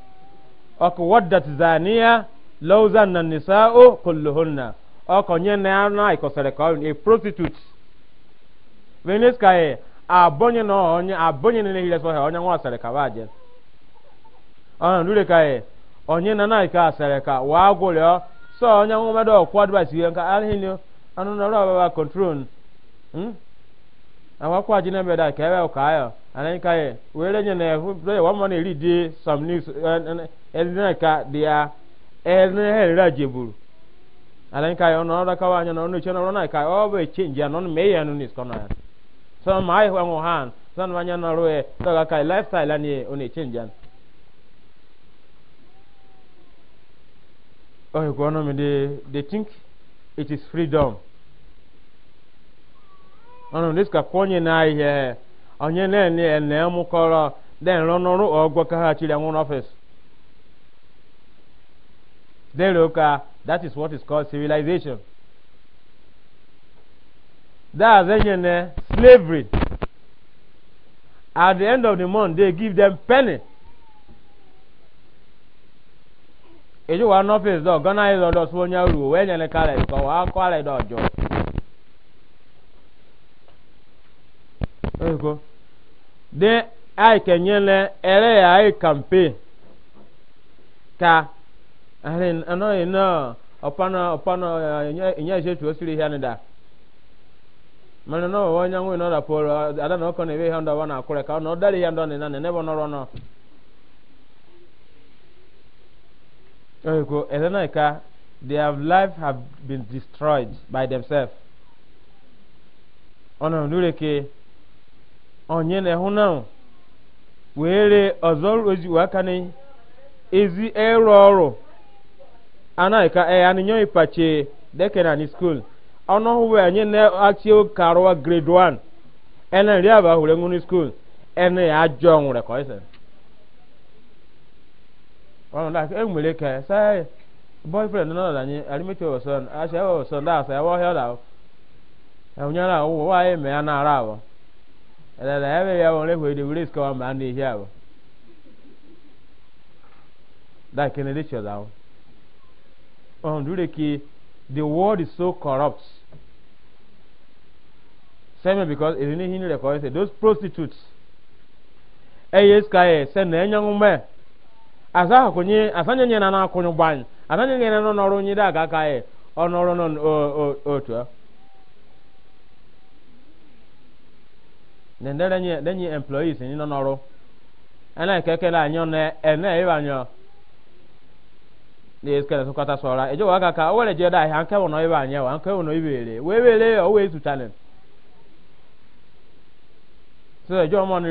[SPEAKER 1] ako waddat zaniya law zanna an-nisa'u kulluhunna ako nyene ana ikosere ko a prostitute venis kai abonye na onye abonye ne hile so he onye nwa sere ajen. ana lure kai onye na naika asịrị ka wa gwụrịọ sọ onye nwụmadụ ọkwa dịbasi ihe nka arịhịnụ anụnọrọ ọbaba kọntrol awakwa ji nebe da ka ebe ụka ayọ anaghị ka ya were nye na-ehu broye wọmọ na-eri di som nis ka dị ya ehe nri aji buru anaghị ka ya ọ nọrọ kawa anya na ọnụ chenọrọ na ka ọ bụ eche nji anọ na meghe anụ nis kọnọ ya sọ ma anyị hụ anwụ ha sọ na anya nọrọ ya sọ ga ka ya lifestyle anyị ọ na-eche nji anụ oh economy they they think it is freedom ọnụ ndị ka kwonye na ihe onye na-enye ene mụ kọrọ den rọnụrụ ọgwọ ka ha chiri anwụ n'ọfịs dere ka that is what is called civilization that's enye na uh, slavery at the end of the month they give them penny eji wa n'ọfịs dọ gọna ịlọ dọ sụọ onye ruo wee nyere kalịd ka ọ akọ alịd ọjọọ ego de ai kenyele ere ya ai kampe ka arin ano ina opana opana nya je tu osiri ya nda mana no wonya ngwe no da polo ada no kone we handa wana akure ka no dali ya ndo ne na ne nebo no rono Oyoko Elenaika, their life have been destroyed by themselves. Ọnà Nureke, onye na-ehụ na were ọzọ ozi aka na ezi ịrụ ọrụ anaghịka ee anịnyọ ịpache dekena ni skul ọnụ hụwe anyị na-achị ụka arụwa grade 1 ena nri aba hụrụ enwu ni ena ya ajọ nwere ka ọ ọnụ like e nwere ka boyfriend nọ n'anyị arimete ọsọ asha ọsọ da asa ya wọhịa da ẹwụnyere e awụ wa ya eme ya n'ara awọ ẹlẹlẹ ya ebe ya wọrọ ehwe edewe risk ọwa ma a na-ehi awọ da kennedy chọrọ awọ ọhụrụ the world is so corrupt same because èdè ní hin rẹ̀ those prostitutes ẹ̀ yẹ́ sky ẹ̀ na ẹ̀ asa akonye asanye nyena na akonyo gbanye asanye nyena no noro nyi da e, no otu e. nye denye employees ni no noro ana keke la nyo ne ene e banyo ne eskele na kata sora ejo waga ka wole je da han wa ka wono ibere we owe o we so ejo mo ni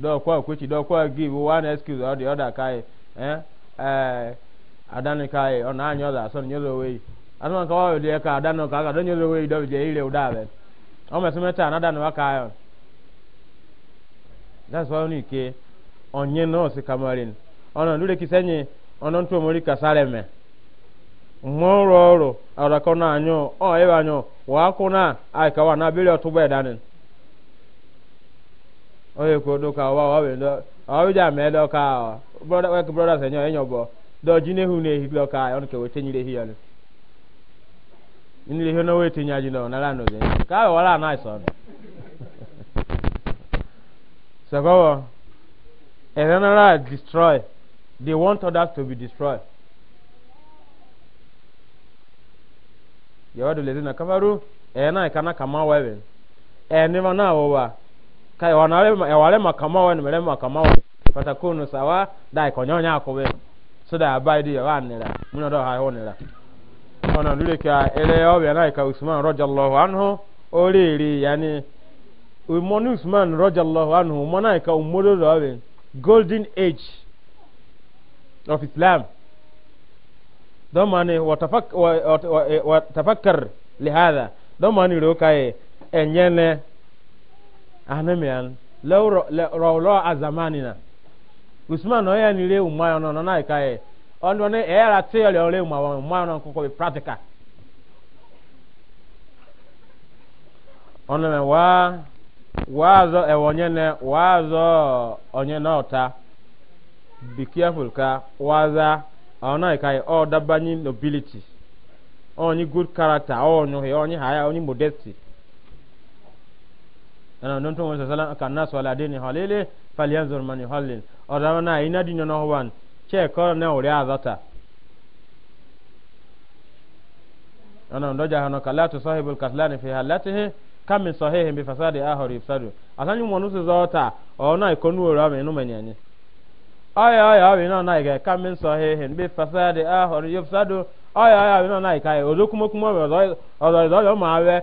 [SPEAKER 1] dɔw kɔ kuti dɔw kɔ give one excuse or the other eh, eh, ka ye ɛn ɛɛ adani ka ye ɔna anyi ɔda sɔni nyɛ lɔ wei asɔn ka ɔyɔ deɛ ka adani ka ka dɔ nyɛ lɔ dɔbi deɛ ire o da bɛ ɔmɛ sɛmɛ ta anadani wa ka yɔ that's why ɔni ke ɔnyɛ nɔɔsi kamarin ɔnà lórí kisɛ nye ɔnà tó mori kasarɛ mɛ mɔrɔrɔ ɔrɔkɔ náà nyɔ ɔ ɛ b'a nyɔ wàá kó náà àyíká wà náà abiri ɔtúbɔ ɛdani onye kwo do ka wa wa we do awu ja me do ka brother we ko brother senyo enyo bo do jine hu ne hilo ka on ke we tenyire hi yalo ni le no we tenya ji no na la no zen ka wa la na so so go and ra destroy they want others to be destroyed yawadu lezina kafaru ɛna ikana kama wewe ɛnima na awowa kai wanarema ya warema kama wani merema kama wani fatakunu sawa dai konyonya akobe so da abaidi ya wanira muno do ha honira ona lule ka ele obi na ka usman radiyallahu anhu oriri yani umon usman radiyallahu anhu mona ka umodo do abi golden age of islam don mani watafakkar lihada don mani rokaye enyene ahmemian lɔwɔlɔ azamanina usman ɔyɛ ni re umayɔ nɔ nɔna ika yɛ e. ɔnɔ ne ɛyɛra e te yɛ lɛ umayɔ umayɔ nɔ kɔkɔ bi pratika ɔnɔ mɛ waa waa zɔ e ɛwɔ nyɛ nɛ waa zɔ ɔnyɛ nɔ ɔta be careful ka waa za ɔnɔ ika yɛ ɔɔ daba nobility ɔɔ nyi good character ɔɔ nyi haya ɔɔ nyi modesty ana non to musa salam kan nas wala dini halile falyanzur man yuhallil o da na ina dinyo no wan che ko na uri azata ana ndo ja hano kala to sahibul kaslani fi halatihi kam min sahihin bi fasadi ahori ifsadu asani mo nusu zota o na ikonu ora me no menyanyi aya aya awi na na ga kam min sahihin bi fasadi ahori ifsadu aya aya awi na na ka odokumokumo ozo ozo ma awe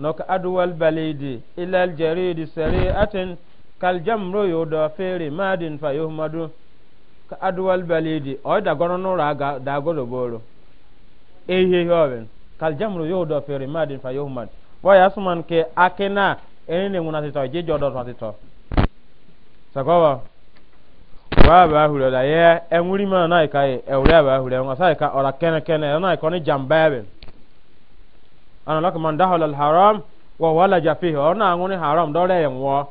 [SPEAKER 1] nok adwal balidi ilal jaridi sari'atin kal jamro yodo fere madin fa yuhmadu ka adwal balidi o da gono no raga da golo boro ehe hoben kal jamro yodo fere madin fa yuhmad wa yasman ke akena ene nguna tito je jodo to tito sakowa wa ba hulo da ye enwuri ma na kai ewure ba hulo ngasa ka ora kene kene na ko ni jambaben ana laka man dahala al haram wa walaja fihi ona angoni haram dole yenwo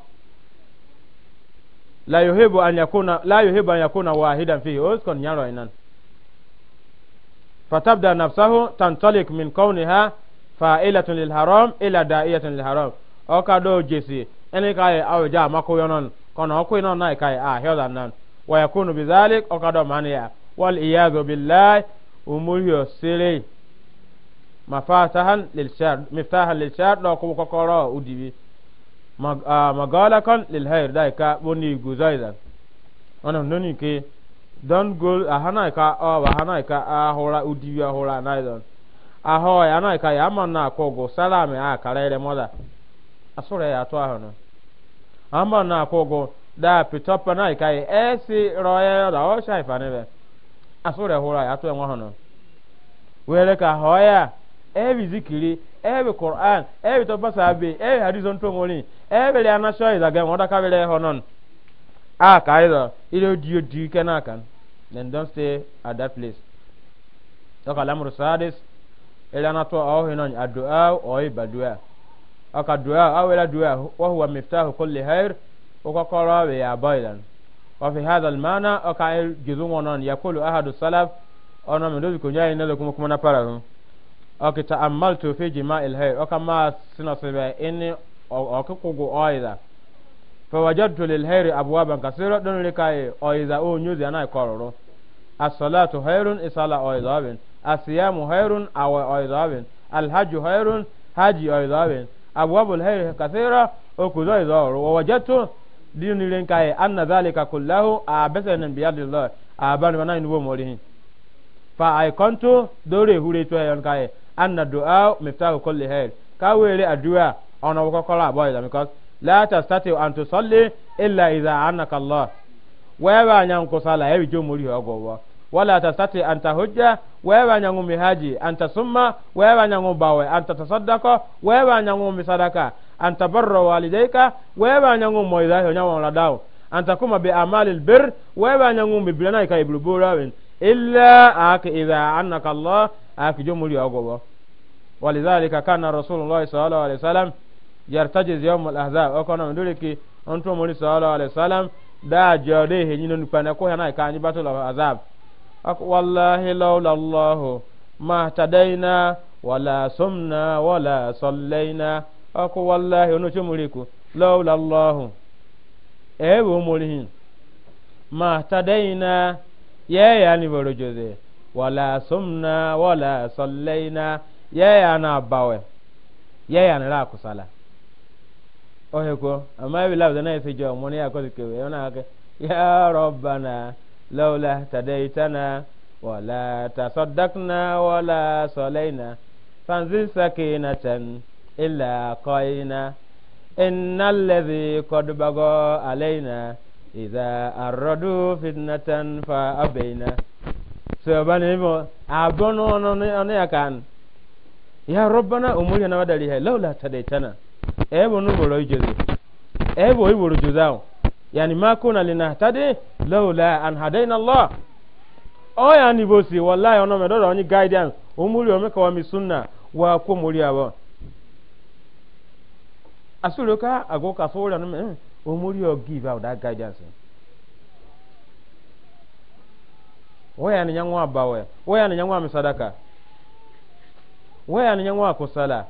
[SPEAKER 1] la yuhibu an yakuna la yuhibu an yakuna wahidan fihi uskon nyaro inan fatabda nafsahu tantalik min kauniha fa'ilatun lil haram ila da'iyatun lil haram o ka do jesi eni kai awo ja mako yonon kono ko ino nai kai a hyodan nan wa yakunu bidhalik o ka do maniya wal iyadu billahi umuriyo sirri mafatahan lilshar miftahan lilshar do ko ko koro udibi magalakan lilhair dai ka boni guzaida ona noni ke don go ahana ka o ahana ka ahora udibi ahora naidon aho ya na ka ya manna ko go salame a karere moda asore ya to ahono na ko go da pitopa na ka e si roye da o shaifa asore hora ya to enwa were ka hoya every zikiri every quran every to pasa be every hadith on to moni every ana sho is again what a bele honon a ah, ka ido ido dio di kana kan then don't stay at that place to kala mur sadis ila na to o hinon addu'a o ibadua aka du'a awela du'a wa huwa miftahu kulli khair وكقرا يا بايلان وفي هذا المعنى أكايل جزوم ونان يقول أحد السلف أنا من ذلك جاي نلكم كمان بارهم oke ta amal to fe jima ilhe oka ma sina sebe ini oke kugu oida fa wajadtu lil hayri abwaban kasira don rikai oida o nyuzi anai kororo as-salatu hayrun isala oida bin as-siyamu hayrun awa oida bin al-hajju hayrun haji oida bin abwabul hayri kasira o kuzo oida wa wajadtu din rinkai anna dhalika kullahu abasan biyadillah aban banain wo morihin fa ay kontu dore hure to ayon kai anna du'a miftahu kulli khair ka wele addu'a ona ko kola boy da because la tastati an tusalli illa idha anaka allah wa ba nyan ko sala e jo mori ogo wa wala tastati an tahujja wa ba nyan mi haji an tasumma wa ba nyan bawe an tasaddaqa wa ba mi sadaka an tabarra walidayka wa ba nyan mo idha nyan wa dawo an takuma bi amalil bir wa ba mi bilana ka ibrubura illa aka idha anaka allah akijo muri ogobo walidhalika kana rasulullah sallallahu alaihi wasallam yartajiz yawm al-ahzab okono ndule ki onto muri sallallahu alaihi wasallam da jode he nyino nupana ko hana ka anyi battle of azab ak wallahi laula allah ma tadaina wala sumna wala sallaina ak wallahi ono chumuliku laula allah ewe umurihin ma tadaina yeye ani borojoze wala sumna wala sallaina yaya na bawe yaya na kusala ohe ko amma bi labda na fi jo mun ya ko ke yana ka ya rabbana laula tadaitana wala tasaddaqna wala sallaina fanzil sakinatan illa qaina inna alladhi qad baga alaina idza aradu fitnatan fa abaina so bani bo abono no ne akan ya rabbana umuri na wadali hay laula tadaitana ebo no boro ijezi ebo iboro juzao yani ma kuna linahtadi laula an hadaina allah o oh, ya ni bosi wallahi ono me dodo onyi guidance umuri o meka wa mi sunna wa ko muri abo asuloka agoka so ra no me eh, umuri o give out that guidance waya ni nyangwa bawe waya ni nyangwa misadaka waya ni nyangwa kusala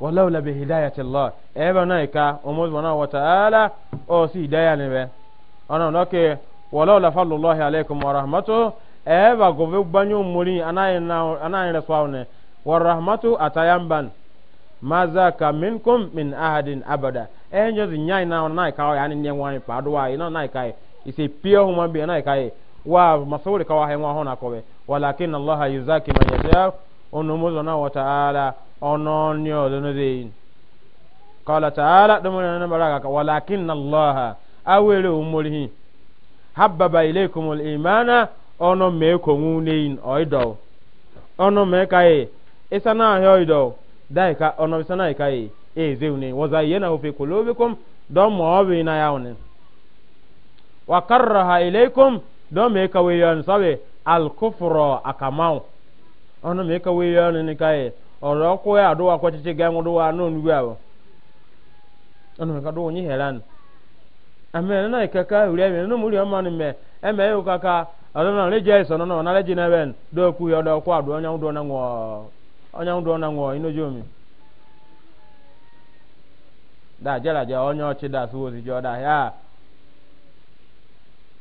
[SPEAKER 1] walau la bi hidayati allah eba na ka umuz wana wa ta'ala o si hidaya ni be ana noke walau la fadlullahi alaykum wa rahmatuhu eba gobe banyo muri anayi na anayi rasawne wa rahmatu atayamban maza ka minkum min ahadin abada enyo zinyai na na ka o yani nyangwa ni paduwa ino na kai isi pure human being na kai wa masawri ka wa hay wa hona kobe walakin allah yuzaki mozo na wa ta'ala onon yo no de qala ta'ala na baraka ka walakin allah awere umurihi habbaba ilaykumul imana ono me ko ngunein oido ono me kai e, isana dai ka ono isana kai e wa karraha ilaykum do me ka weyon sabe akamau ono me ka ni kai oro ko ya tete do ono me ka do nyi helan na uri no muri ni me e me yo ka ka na le jeso no no na le jina ben do ku yo do onya ndo na ngo onya na je onye da da ya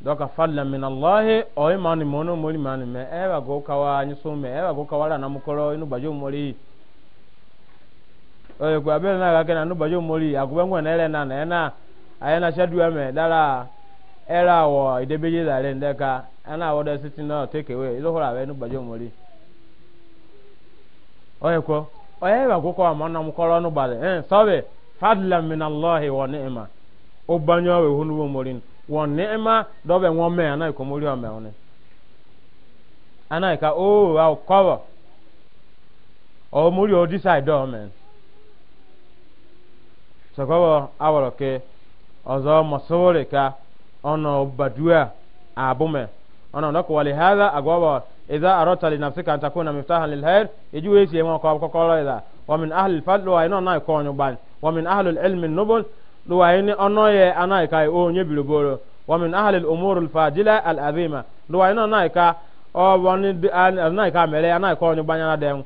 [SPEAKER 1] doka fadla min allahi oyi mani mono moli mani me ewa go kawa anyi sume ewa go kawa ra namukoro inu bajo moli oyi kwa na gake na inu bajo moli akube na ele na na ena ayena shadu eme dara era wo idebeje dare ndeka ana siti na take away hora we bajo oyi oyi ewa go kawa bale eh sabe min allahi wa ni'ma obanyo we hunu wɔ nneɛma dɔbɛ wɔn mɛ anayi kɔmori ɔmɛ wɔn anayi ka oo awo kɔbɔ ɔmori ɔdi saayi dɔ ɔmɛ sɔkɔbɔ awɔrɔ ke ɔzɔ mɔsowori ka ɔnɔ badua abomɛ ɔnɔ dɔkɔ wali hɛrɛ agɔbɔ idza arɔta li nafsika an takuna miftahan lil hayr ejuwe sie ŋɔ kɔkɔrɔ idza wa min ahli fadl wa ina na kɔnyu ban wa min ahli ilmi do wa ini ono ye anai kai o nye biloboro wa min ahli al-umur al-fadila al-azima do wa ina nai ka o woni anai ka mere anai ko nyu banyana den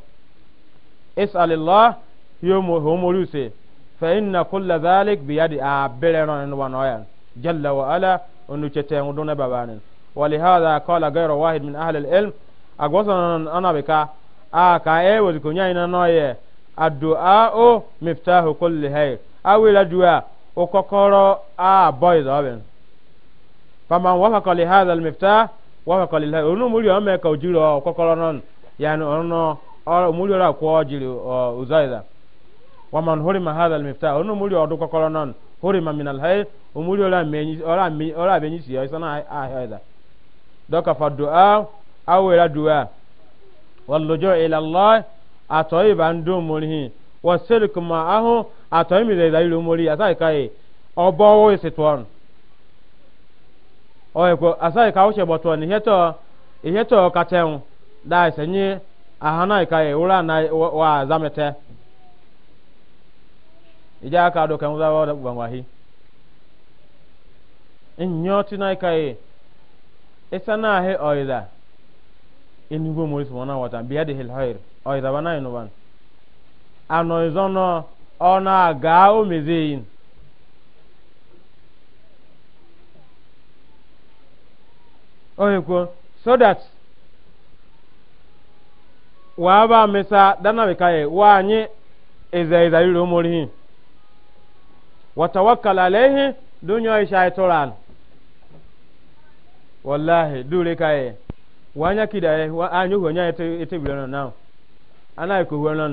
[SPEAKER 1] is'alillah yomo homoruse fa inna kulla dhalik bi yadi abere no no no ya jalla wa ala onu chete ngudo ne babanin wa li hadha qala ghayru wahid min ahli al-ilm agwasan anabika aka ewe kunya ina no ye addu'a o miftahu kulli hayr awila du'a okokoro a boy zaben faman wafaqa li hadha al miftah wafaqa li onu muri o me ka ojiro okokoro non yani ono o muri ra ko ojiro uzaida waman hurima hadha al miftah onu muri o do kokoro non hurima min al hayy umuri ora menyi ora mi ora benyi si o sana a hayda doka fa du'a aw du'a wal ila allah atoy bandu murhi wasirkum ma'ahu atɔyi mi lɛ dalilu mori asayi ka yi ɔbɔwo esi tɔn ɔyɛ ko asayi ka wosɛ bɔtɔ ni hɛtɔ ihɛtɔ katɛn da ɛsɛ nye ahana yi ka yi wura na wa zamɛtɛ ìjà aka do kẹwọn sábà wọdọ gbàngbà hi nyɔ ti na ka yi isa na ahe ɔyida enugbo mori sumana wata biya de hil hoyir ɔyida ba na yi nuban anɔ izɔnɔ. ọ na-aga omezeyin ohekwo so that wàá bá mesa dáná yẹ wàá nye ẹzẹ ẹzẹ rírọ mọrìhìn wàtàwákàlà lẹ́yìn dúnyọ iṣẹ́ àìtọ́ran wàláhì dúró ká yẹ wàá nyà kìdá yẹ wàá nyóhùn nyà ètè ìbílẹ̀ náà náà anáyẹ̀kọ̀ wẹ̀ náà.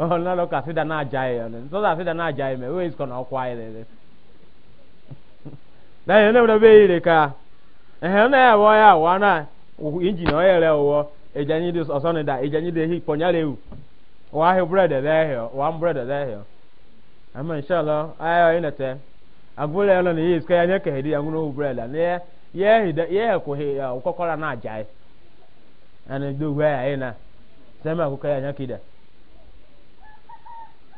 [SPEAKER 1] ọ̀nà lọ́kọ̀ àfidà ọ já ẹ̀ na-aja àfidà ya já ẹ̀ mẹ́ wíwèé ìsìkọ̀nà ọkọ̀ ayé rẹ̀ rẹ̀. lẹ́yìn ẹ̀nà ìwé bẹ́ẹ̀ yìí ká ẹ̀hẹ́ ọ̀nà ẹ̀ wọ́ ẹ̀ àwọ̀ náà ìjìnà ọ̀yẹ̀ rẹ̀ wọ̀ ìjẹ́nyí di ọ̀sọ́nìdà ìjẹ́nyí di ehi pọ̀nyálẹ̀ ewu wọ́n ahẹ́ búrẹ́dẹ̀ lẹ́hìọ́ wọ́n búrẹ́dẹ̀ lẹ́hìọ́ àmọ́ ìṣàlọ́ ayọ̀ yìí nẹ̀tẹ́ agbóhùn ẹ̀rọ ni ya na na ya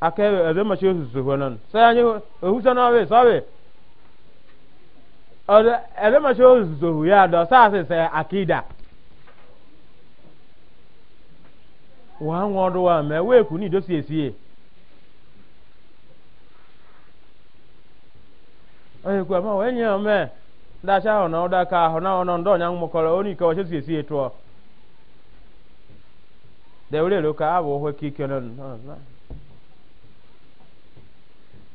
[SPEAKER 1] Aka ebe, ma se susu nan sɛya nye ehusa na ɔbɛ sɔbɛ ɔdɛ ɛdɛ ya dɔ sɛya sɛ sɛ akida wàá ŋɔ do wa mɛ wéé kù ní ìjọ siesie ɔyɛ kù ɛmɛ wɛnyɛ ɔmɛ dasa na ɔda e e ka hɔ ah, na ɔnɔ ndɔ ɔnyanwó ike ɔni kɛ esi siesie tɔ dɛwúrẹ́ ló ka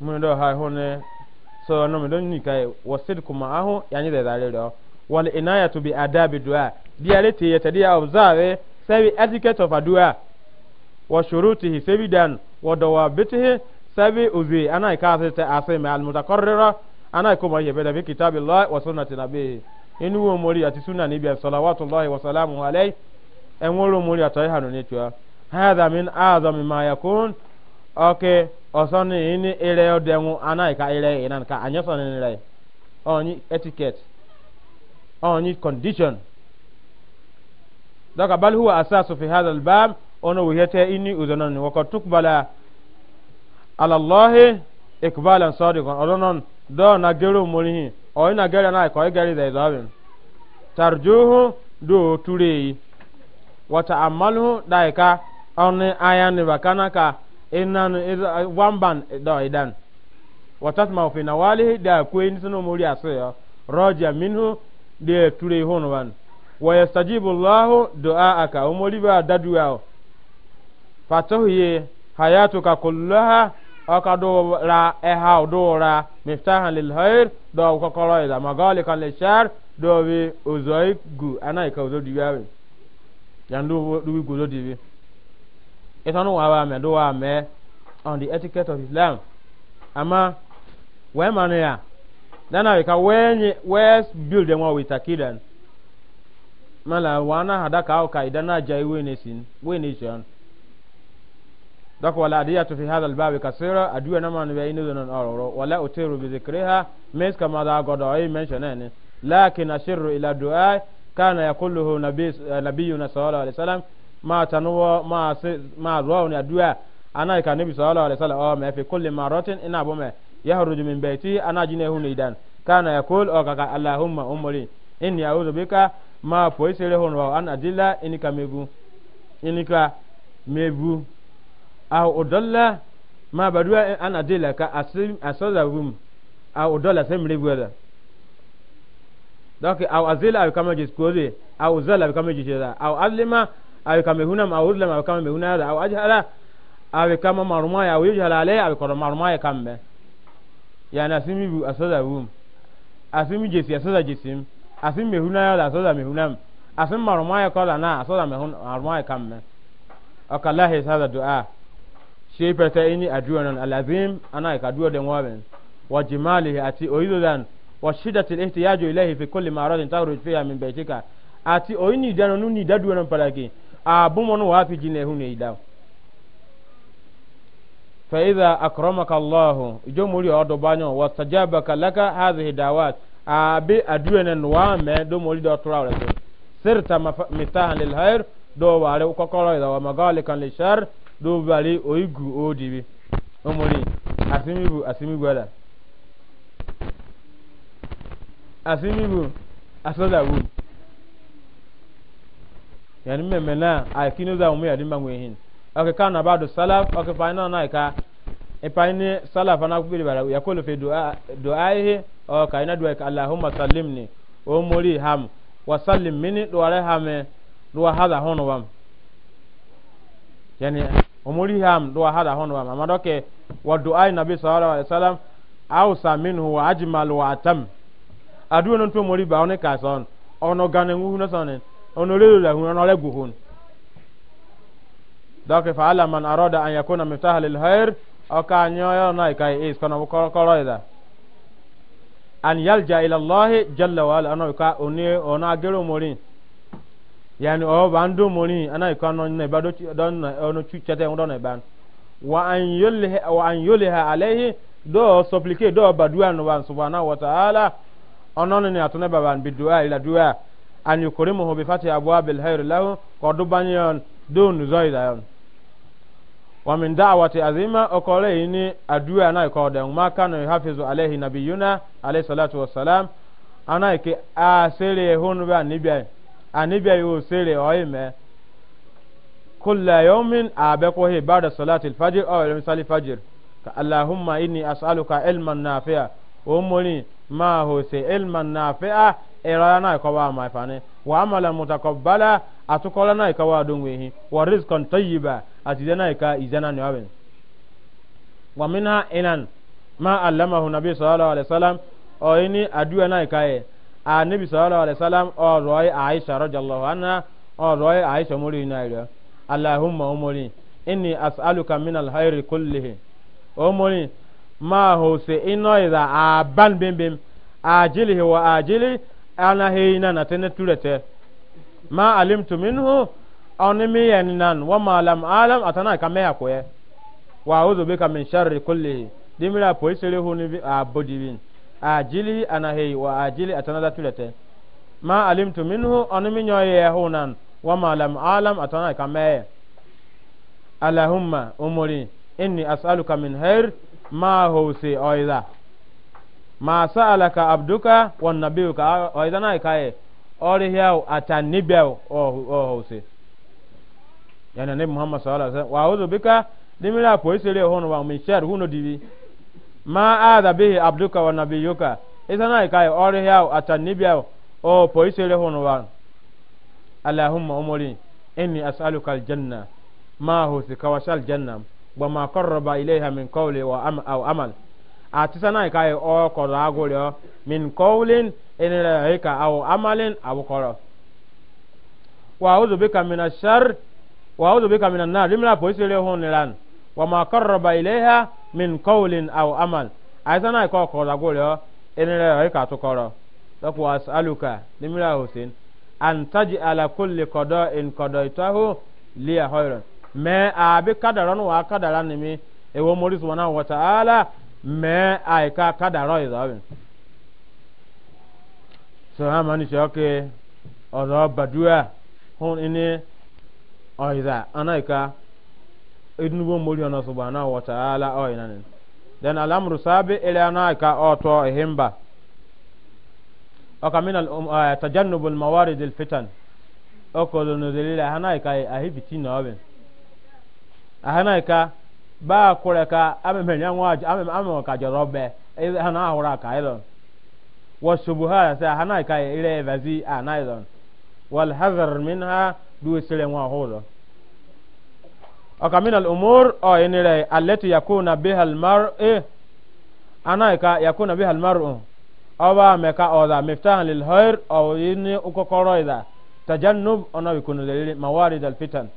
[SPEAKER 1] mun do hay hone so no mi don ni kai wasid kuma aho yani da dare do wal inayatu bi adabi du'a diare te yete dia observe sabi etiquette of adua wa shurutihi sabi dan wa dawabitihi sabi uzi ana ka ta asemi al mutakarrira ana kuma yebe da bi kitabillah wa sunnati nabihi inu wo mori ati sunna nabi sallallahu wa salamu alayhi en wo mori atai hanu ne tuwa hadha min azami ma yakun okay ọsọni ini ire ọdẹnwu anaghị ka ire inan ka anyị ọsọni ire ọnyi etiket ọnyi kọndishọn dọka bal huwa asasu fi hadha albab ono wihete ini uzonon wa qad tuqbala ala allah ikbalan sadiqan odonon dọọ na gero murihi o na gero na ko gari da izabin tarjuhu do tureyi wa ta'ammalhu daika on ayani bakana ka inan wamban do eh, idan eh, watat ma fi nawalihi da ko sunu muri aso roja minhu de ture hono wan wa yastajibu allah aka umuri ba daduwa fatahu ye hayatuka kullaha akado ra eha dora miftahan lil khair do ko koro ila magali kan le shar do bi uzoigu anai ka uzo diwi yandu duwi guzo diwi itanu wa wa me do wa me on the etiquette of islam ama we manu ya dana we ka we we build them with akidan mala wana hada ka ka idana jai we ne sin we ne jan dako wala adiyatu fi hadha albab kasira aduwa na manu be inu non ororo wala utiru bi zikriha mes kama da godo ay mention ne lakin ashirru ila du'a kana yaquluhu nabiy eh, nabiyuna sallallahu alaihi wasallam ma tanuwa ma se ma ruwa ni ana ka nabi sallallahu alaihi wasallam o me fi kulli maratin ina bo me yahruju min baiti ana jine hu idan kana yaqul o kaka umuri umri inni a'udhu bika ma foisere hon wa an adilla inika megu inika megu aw udalla ma badua ana adilla ka asim asazavum aw udalla semre buada donc aw azila kama jiskoze aw zala kama jisela aw alima awe kama hunam aw udlam awe kama mehuna da aw ajhala awe kama maruma ya awe yujhala ale awe kama maruma kambe yana simi bu asaza wum asimi jesi asaza jesim asimi mehuna yada, da asaza mehunam asim maruma ya kala na asaza mehun maruma ya kambe akallahi sada du'a shi fata ini addu'a nan alazim ana ka du'a den waben wa ati oyidan wa shiddati al-ihtiyaju ilayhi fi kulli ma'radin tahruj fiha min baytika ati oyini dano nuni dadu'a nan palaki abumo no wapi jine hune ida fa idha akramaka allah ijo muri odo banyo wastajabaka laka hadhihi dawat abi aduene nwa me do muri do tura wala sirta mitahan lil khair do wale ukokoro ida wa magalikan lil shar do bali oigu odibi omuri asimibu asimibu ala asimibu asoda wu yani meme na a kinu za mu ya dimba ngwehin okay kana bado salaf okay faina na ka e paine salaf ana kubili bara ya kolo fe dua dua ihe o ka ina dua ka allahumma sallimni o muri ham wa sallim mini dua re hame dua hada hono wam yani o muri ham dua hada hono wam amadoke wa dua nabi sallallahu alaihi wasallam au saminhu wa ajmal wa atam aduwa non to muri ba one ka son ono ganen wu na sonen ono lelo la hun ono le guhun dɔke fa ala man aroda an yakuna miftaha lil khair o ka nyoyo na kai is kono ko ko ida an yalja ila allah jalla wa ala ono ka oni ona gero mori yani o bandu mori ana ka no ne bado don ono chu chete ndo ne ban wa an yulhi wa an yulha alayhi do supplicate do badua no wan subhanahu wa ta'ala ono ne atone baban bidua ila dua an yukrimuhu bi fati abwabil hayr lahu kodu banyon dun zoida yon wa min da'wati azima okole ini adua na ko de ma kana yuhafizu alayhi nabiyuna alayhi salatu wassalam ana ke a sere hunu ba nibia anibia yo sere oyime kulla yawmin abakohi ba'da salati al-fajr aw al-misali fajr ka allahumma inni as'aluka ilman nafi'a wa umri ma huwa iraya na ikowa mai fane wa amala mutakabbala atukola na ikowa don wehi wa rizqan tayyiba atide zena ika izana ni waben wa minha inan ma allamahu nabi sallallahu alaihi wasallam o ini aduwa na ikaye a nabi sallallahu alaihi wasallam o roi aisha radhiyallahu anha o roi aisha mori na ira allahumma omori. inni as'aluka min alkhairi kullihi Omori. ma hose ino idha aban bim bim ajilihi wa ajili ana heina na tene turete ma alimtu minhu awni mi yani nan wa ma lam alam atana ka me akoye wa a'udhu bika min sharri kullihi dimira poisere huni bi abodibin ajili ana hei wa ajili atana da turete ma alimtu minhu awni mi nyoye hunan wa ma lam alam atana ka me allahumma umuri inni as'aluka min khair ma hawsi oida ma sa'alaka abduka wan nabiyuka o idana kai ori hiya atanibew o o hose yana ne muhammad sallallahu alaihi wasallam wa uzu bika dimira po isere hono wa min shar huno dibi ma adha bihi abduka wan nabiyuka idana kai ori hiya atanibew o po isere hono wa allahumma umuri inni as'aluka aljanna ma husika wa shal janna wa ma qarraba ilayha min qawli wa am aw amal atisana ka ye o kɔrɔ agorɔ min kɔwulin enira ka au amalin awo kɔrɔ wa awudu bika ka mina shar wa awudu bi ka mina na limina polisi le nilan wa ma kɔrɔba ileha min kɔwulin au amal atisana ka o kɔrɔ agorɔ enira ka to kɔrɔ dɔk wa aluka limina hosin an taji ala kulli kɔdɔ in kɔdɔ itahu liya hɔyron mɛ a bi kadara nu wa kadara nimi ewo mori subhanahu wa ta'ala mee kada kadaro izabi so ha mani shi oke ọzọ badua hun ini ọiza anaika idunugbo mori ọna sugba na wata ala ọyina ni then alamuru sabi ile anaika ọtọ ihimba ọka min tajannubul mawari dil fitan ọkọ lọnà zelila ahanaika ahibiti na ọbin ahanaika ba kore ka amemhe nyanwa amem amem ka jorobe e, e hana ahura ka idon e wa shubuha sa hana ka e, ile vazi ana idon wal hazar minha du sile wa holo aka min al umur o inire allati yakuna biha al mar'i ana ka yakuna biha al mar'u awa meka oda miftahan lil khair aw in ukokoro ida tajannub ona bikunu dalil mawarid al fitan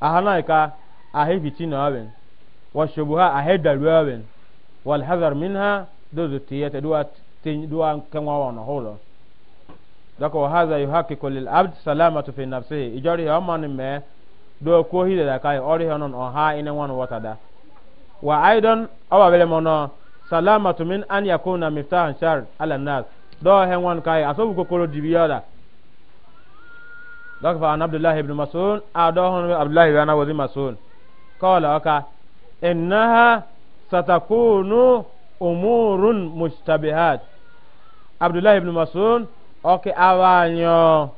[SPEAKER 1] ahana ka na fitina awen والشبهة أهد الوابن والحذر منها دوز التيات دوا دوا كما ونهولا دكو وهذا يحقق للعبد سلامة في نفسه إجاري أمان ما دو كوهي لكاي أوري هنون أها إن وان وتدا وأيضا أو بلمنا سلامة من أن يكون مفتاحا شر على الناس دو هنوان كاي أصوب كوكولو ديبيالا دكو عن عبد الله بن مسعود أدوهن عبد الله بن مسعود قال أكا إنها ستكون أمور مشتبهات عبد الله بن مسعود أوكي أوانيو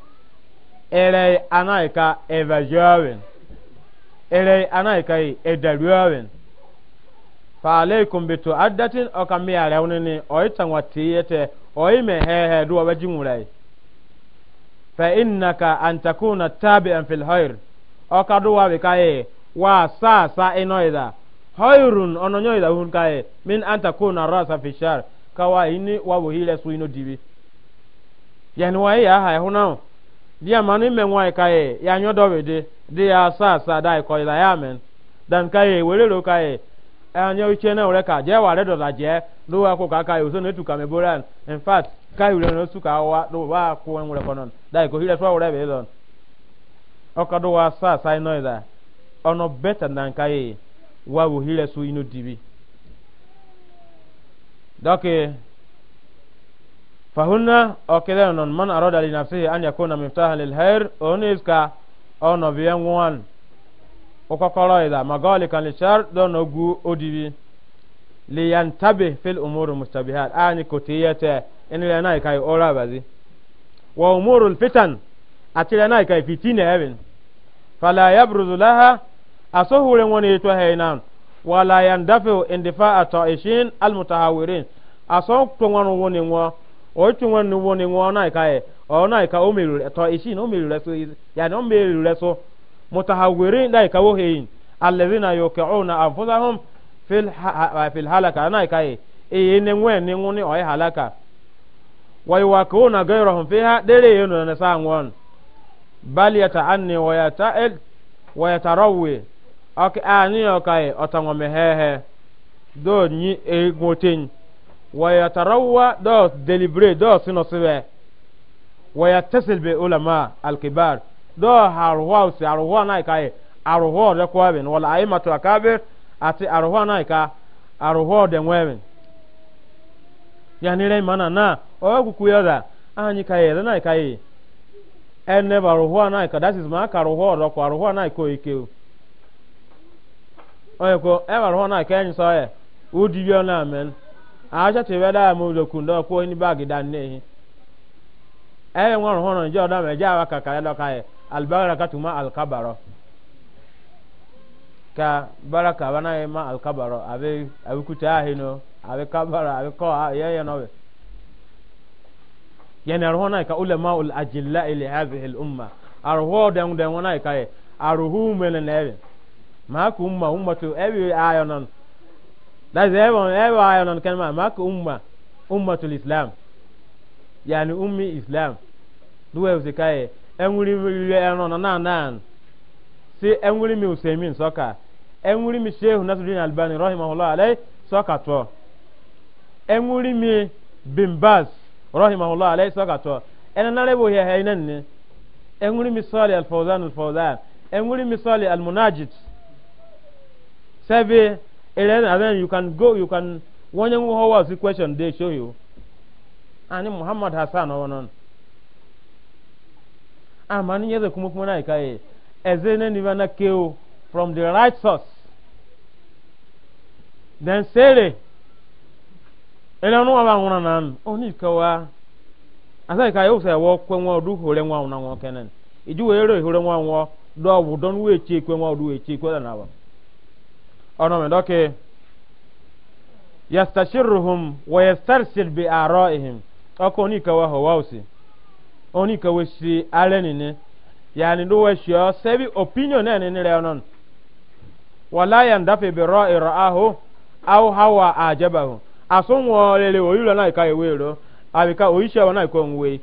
[SPEAKER 1] إلي أنايكا إفجاوين إلي أنايكا إدلوين فعليكم بتؤدة أوكامي علوني أويتان واتيتي أويمي هيهي دو وجمولي فإنك أن تكون تابعا في الخير أوكادوا بكاي وساسا إنويذا hayrun ono hun min anta kuna rasa fi kawa ini wa hile su ino dibi yani wa ya ha huna dia manu me nwa kae ya nyodo sa sa dai ko ila ya men dan kae wele kae anyo uche na ore ka je wa re do je lo wa ko ka kae uso ne ka ure ka wa wa konon dai ko hile so be don okado wawo hile su inu dibi dake fahunna o kedere non man aroda li nafsihi an yakuna miftahan lil khair onu iska ono biyan wan o kokoro ida magali kan lishar don ogu odibi li yantabi fil umur mustabihat ani kotiyete eni le nai kai ora bazi wa umuru fitan atile nai kai fitina evin fala yabruzu laha asohure ngoni to heinan wala yandafu indifa'a ta'ishin almutahawirin aso to ngonu woni ngo o tu ngonu woni ngo na kai o na kai o miru to ishin o miru so ya no miru so mutahawirin dai ka wo hein alladhina yuqauna anfusahum fil fil halaka na kai e ne ngwe ni nguni o halaka wa fiha yenu na sa ngon bal yata'anni wa wa ok ani okay otango mehehe do nyi egwotin wayatarawa do deliberate do sino sibe wayattasil bi ulama alkibar do harwa usi arwa na kai arwa de kwabin wala aimatu akabir ati arwa na ka arwa de nwewen yani re mana na oguku yoda anyi kai na kai enne barwa na ka that is ma ka arwa do kwa arwa na ko ikeu oye ko ewar hona kenyi soye udi yo na men aja ti weda mu do kun do ko ni bagi dan ne ewe ngor hono nje oda me ja wa kaka lo kae al barakatu ma al kabaro ka baraka bana ma al kabaro abe abe kuta hino abe kabara abe ko ye ye no be yana hona ka ulama ul ajilla ila hadhihi al umma arho dan dan wana kae aruhu melen ne maka umma ummatu ewi ayonon lazi ewon ewi ayonon Ma maka umma ummatul islam yani ummi islam duwe uzikaye enwuri wiwe enon na na. si enwuri mi usemin soka enwuri mi shehu nasuddin albani rahimahullah alay soka to enwuri mi bimbas rahimahullah alay soka to enanare bo hehe inanne enwuri mi sali alfawzan alfawzan enwuri mi sali almunajid sebe elen and then you can go you can wonye nwu how was the question they show you ani muhammad hassan wonon amani ah, yeze kuma kuma na ikaye ezene ni bana keo from the right source then sere ele and aba ngona nan oni kawa asa ikaye o se wo kwenwa odu hore nwa una nwa kenen iju were hore nwa nwa do don we chi kwenwa na ono me doke yastashiruhum wa yastarshid bi araihim oko ni ka wa hawausi oni ka weshi aleni ne yani do weshi o sebi opinion ne ne re onon wala yandafi bi ra'i ra'ahu aw hawa ajabahu asun lele o yulo na ka ewe ro abika o ise wona ko nwe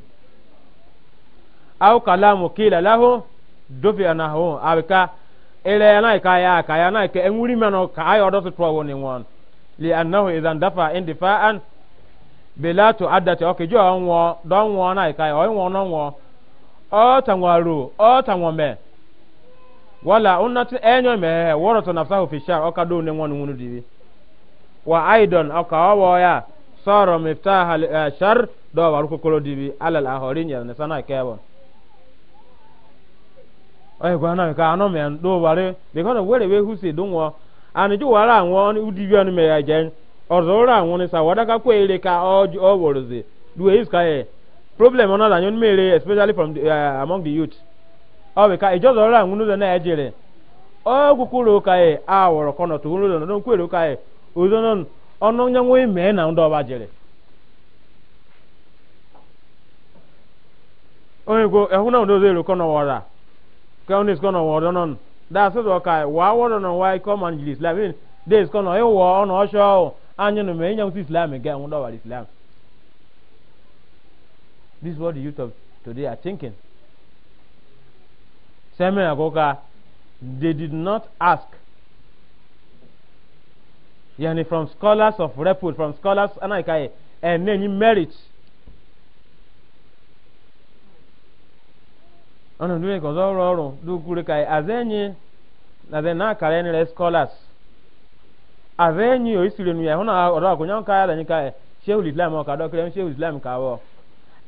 [SPEAKER 1] aw kalamu kila lahu dufi anahu abika ele na ka ya ka ya na ke enwuri mano ka ayo do to twa ni won li annahu idan dafa indifa'an bila to adati okay jo onwo do onwo na ka o onwo no onwo o tanwaru o tanwome wala unnati enyo me woro to nafsahu o ka do won wa o ka ya eh, shar do waru alal ahorin ya onye kwa na ka ano me do ware because of where we who say don wo ani ju wara anwo ni udibi anu me ya je orzo ra anwo ka kwe ile ka do is ka e eh? problem mere eh, especially from the, uh, among the youth o oh, we ka ijo zo ra anwo na ejere o gukuru ka kawnis kono wodonon da sodo kai wa wodonon wa ko man jil islam des kono e wo ono sho anyo no me nyam islam ga ngo dawal islam this is what the youth of today are thinking same agoka they did not ask yani from scholars of repute from scholars anakai and any merit ọnụ ndị ka ọzọ ọrụ ọrụ dukwuru ka enyi na ze na akara skolas. scholars enyi o isiri nu ya hụ na ọdọ akwụnye ọka ya danyi ka shehul islam ọka dọkịrị shehul islam ka wọ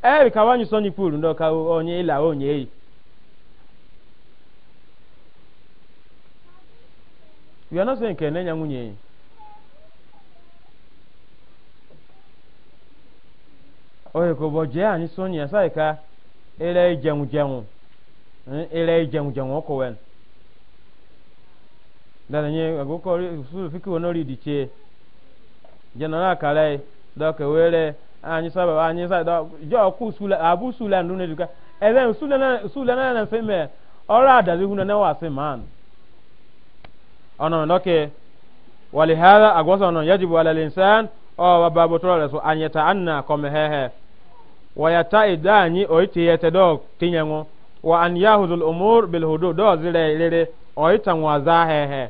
[SPEAKER 1] eri ka wanyị sọ nyipuru ndị ọka onye ịla onye eyi we are not saying ka enenya nwunye eyi oye ka ụbọchị anyị sọ nye ya saa ka ele jenwu jenwu Eh, ere jeng jeng oko wen dana nye agoko sulu fiki wono ri di che jenara kale do ke were anyi saba anyi sa do jo ku sula abu sula ndu ne duka ebe sula na sula na na feme ora da bi huna na wa se man ono no ke wali hada agwasa ono yajibu ala linsan o wa babu tole so anyeta anna kome hehe wayata idanyi oitiyete do tinyango wa an yahudul umur bil hudud do zire rere oitan wa zahehe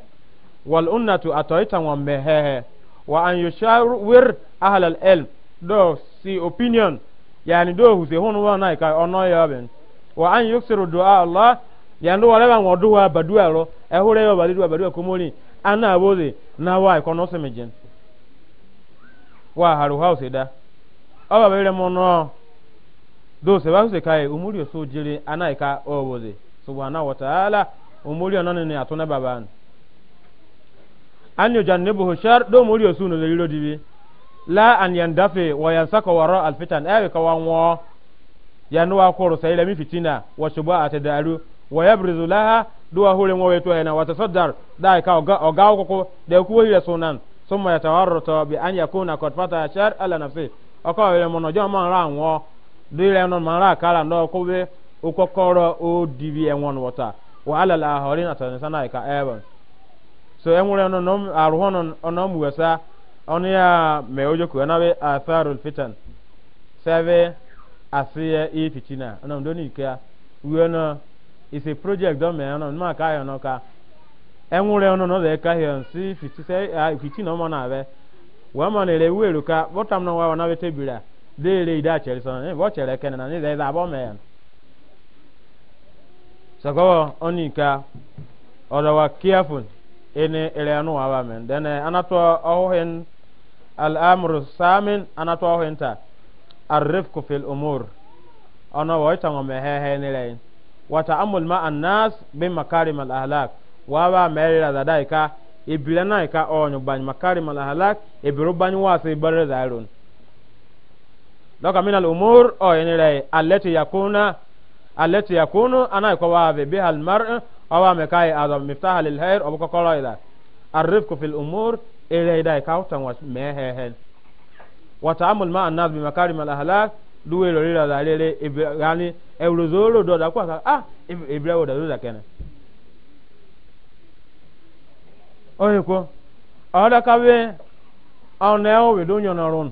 [SPEAKER 1] wal unnatu atoitan wa mehehe wa an yushawir ahal al ilm do si opinion yani do huse hunu wa na ka ono yaben wa an yuksiru du'a allah yando wale ba ngodu wa badua ro ehure yo balidu wa komoni ana aboze na wa ikono semejen wa haru hause aba bele mono do se bahu se kai umuri o sojiri anai ka owoze subhanahu wa ta'ala umuri onan ni atuna baban an yujannibuhu shar do umuri o sunu le dibi la an yandafe wa yansaka wara alfitan ayi ka wanwo yanu wa koro sai lami fitina wa shuba atadaru wa yabrizu laha do hore mo weto yana wa dai ka oga oga ko de ku hira sunan summa yatawarrata bi an yakuna qad fata shar ala nafsi akawa le monojo man dira mara kala ko be o dibi e won wota wa ala la horin atan sana so e no nom wesa ya me ojo ku na be atharul fitan save asiye e fitina do ni ka we no a project don me ma ka e ono no de ka he si fitina mo deere ide achere sọ ne bọ chere kene na ne da ida bọ me sagawa onika odawa kiafun ene ele anu aba men dene anato ohen al amru samin anato ohen ta arifku fil umur ona wa ita ngome he he ne lein wa ma anas, nas makari malahalak, al ahlak wa ba merira da daika ibile naika onyo ban makarim al doka min al umur o yenire allati yakuna allati yakunu ana ko wa be bi al mar o wa me kai adam miftah lil khair o ko kolo ida arifku fil umur ere ida ka utan was me he he wa ta'amul ma an nas bi makarim al ahlak duwe lo rira da rere gani eurozoro do da kwa ah ibrawo da do da kenan oye ko kawe awon na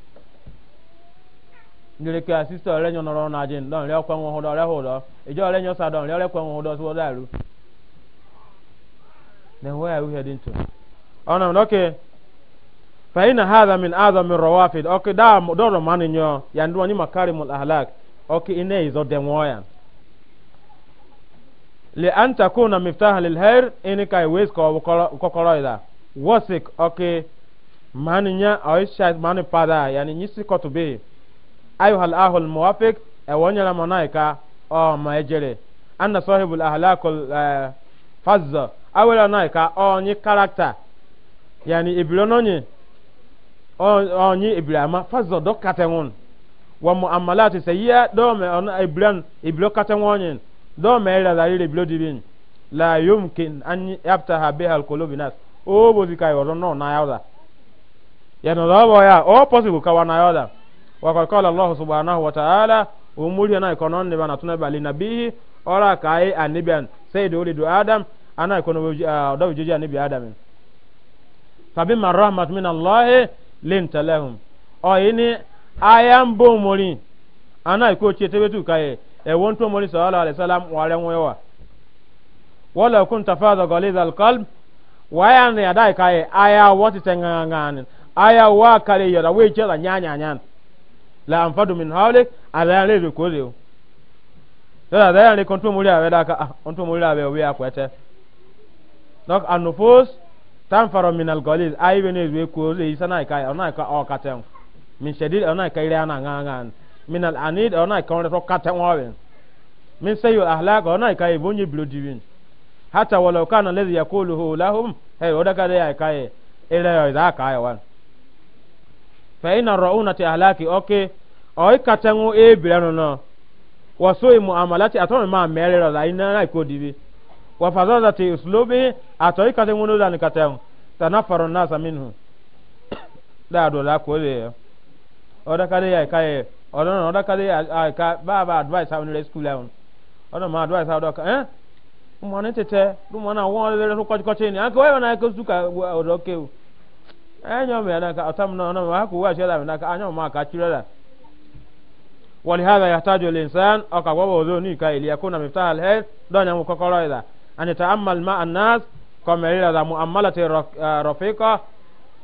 [SPEAKER 1] nyere ka sista ọrẹ nyọ nọrọ na jin dọn rẹ ọkọ wọn hụdọ rẹ hụdọ ìjọ ọrẹ nyọ sa dọn rẹ ọrẹ kọ wọn hụdọ sọ dàrú then where are we heading to ọnà ọkẹ fẹyìn na hàdà min àdà min rọwàfid ọkẹ dà dọrọ mánì nyọ yà ndúwọn ní makari mul ahlak ọkẹ iná ìzọ dẹ wọn yà lè an na miftaha lil hẹr ẹni ka ìwé kọkọrọ ìdá wọsik ọkẹ mánì nyà ọyí ṣáà mánì padà yà ni nyí sí kọtù bẹ́ẹ̀. أيها الأخ الموافق أولا لما نايكا أو ما يجري أن صاحب الأخلاق الفزة أولا نايكا أو ني كاركتر يعني إبلونوني أو ني إبلاما فزة دو كاتمون ومعاملات سيئة دو ما إبلان إبلو كاتمونين دو ما إلا ذلك إبلو ديبين لا يمكن أن يفتح بها القلوب الناس أو بوزيكا يورون نو نايودا يعني ذا بويا أو بوزيكا ونايودا وقد قال الله سبحانه وتعالى ومولي أنا يكون أن نبأ نتنبأ لنبيه أرى كأي النبي سيد ولد آدم أنا يكون دو جوجي النبي آدم فبما رحمة من الله لنت لهم أيني أيام بومولي أنا يكون تيتبتو كأي أون تومولي صلى الله عليه وسلم وعلم ويوا ولا كنت فاذا غليظ القلب ويعني أداي كأي أيا واتي تنغانغان أيا واكالي يدا ويجي دا نيان نيان la anfadu min hawlik ala re be ko le da da ne kon muri awe da ka on to oh, muri awe we akwete nok anufus tanfaro min alghalil ai be ne we ko le isana ka ona ka o katen min shadid ona ka ire ana nga nga min al anid ona ka on to katen wa we min sayu ahlak ona ka e bonye blodiwin hata walau kana alladhi yaquluhu lahum hey odaka de ai kai ire yo da ka ai wan fa ina raunati ahlaki okay oyi kata ŋu ee bira imu amalati atɔmi ma mɛri rɔ la ina na iko dibi wafasa zati usulobi atɔyi kata ŋu nola kata ŋu tana faro na saminu daa do la ko de ɔda ya ka ɔda ɔda ya ka baaba advice awo ni school awo ɔda ma advice awo dɔ ka ni anke wɔyɛ na su ka ɔdɔ na ka na ɔna ma ha ko wa na ka ولهذا يحتاج الإنسان أقوى وذونيك ليكون مفتاح الهيد دون مكوكولا إذا أن يتأمل مع الناس كما إلى ذا مؤملة رفيقة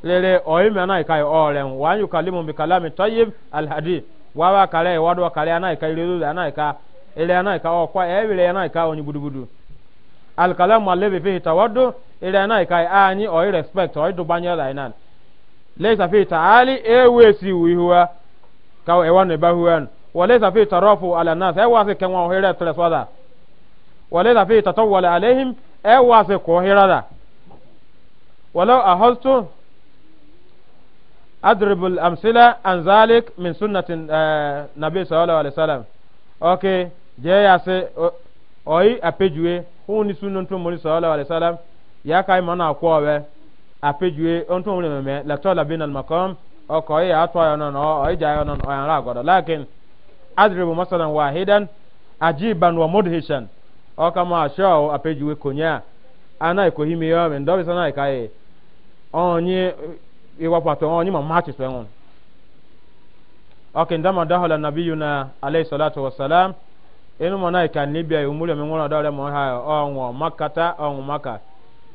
[SPEAKER 1] lele oime anai kai ole wa yukalimu bi kalami tayyib al hadi wa wa kale wa do kale anai kai lulu anai ka ile anai ka okwa e anai ka oni budubudu al kalamu alladhi fihi tawaddu ile anai kai anyi o respect o do banya la inan laysa fi taali e wesi wihuwa ka e wa وليس فيه ترافع على الناس أي واسي كما وهيرا تلسودا وليس فيه تطول عليهم أي واسي كوهيرا ولو أهلت أضرب الأمثلة عن ذلك من سنة النبي صلى الله عليه وسلم أوكي جياسي أي أبجوي هوني سنة النبي صلى الله عليه وسلم ya kai mana akwawe apejue onto mwe meme la tola bin al makam o ko ya atwa yono no o ija yono o yan ra godo lakin adribu masalan wahidan ajiban wa mudhishan o kama shaw apejiwe konya ana ko himi yo ndo bisa na kai onye iwapato onye ma machi so enwon oke ndama dahala nabiyuna alayhi salatu wassalam inu mo naika ni bia umuri mi ngona dole mo ha onwo makata onwo maka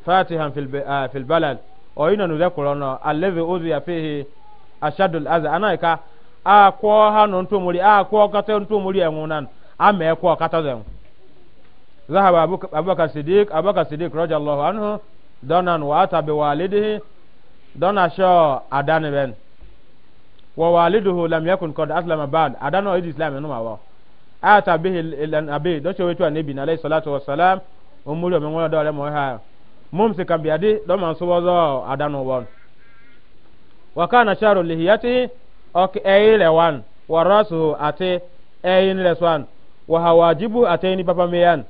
[SPEAKER 1] fatihan fil ah, fil balal o ina nu zakuro no allazi ya fihi ashadul adha anaika a kwọ ha nọ ntomori a kwọ kata ntomori ẹnwụ nan a ma ẹkwọ kata zẹn zahaba abubakar sidik abubakar sidik rọja allahu anhu donan wa ata bi walidihi dona shọ adani ben wa waliduhu lam yakun qad aslama ba'd adana wa islam enu ma wa ata bihi ilan abi do shọ wetu anabi na alayhi salatu wassalam umuri omen wona dole mo ha mumsi kan biadi do man so wozo adana won wa kana sharu ok eyile wan wa rasu ati eyin les wan wa hawajibu ate ni papa meyan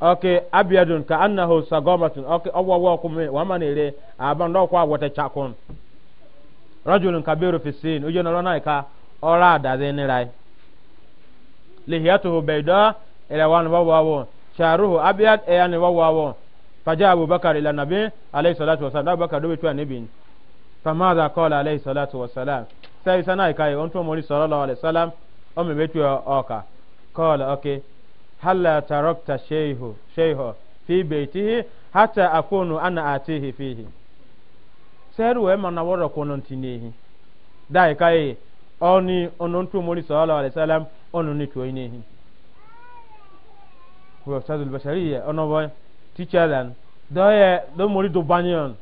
[SPEAKER 1] ok abiadun ka annahu sagomatun ok owo wo kume wa manere aban do kwa wote chakon rajulun kabiru fi sin ujo na rona ka ora adade ni rai lihiyatuhu bayda ila wan wawawo sharuhu abiad eyani wawawo faja abubakar ila nabi alayhi salatu wasalam abubakar dobe tuwa nabin famadha qala alayhi salatu wasalam sai sana ikai on to mori sallallahu alaihi wasallam o me betu oka qala okay halla tarakta shayhu shayhu fi baitihi hata akunu ana atihi fihi seru e mana woro kono tinehi dai kai oni onon to mori sallallahu alaihi wasallam onu ni to inehi huwa ustadul bashariya ono boy teacher dan do ye do mori do banyon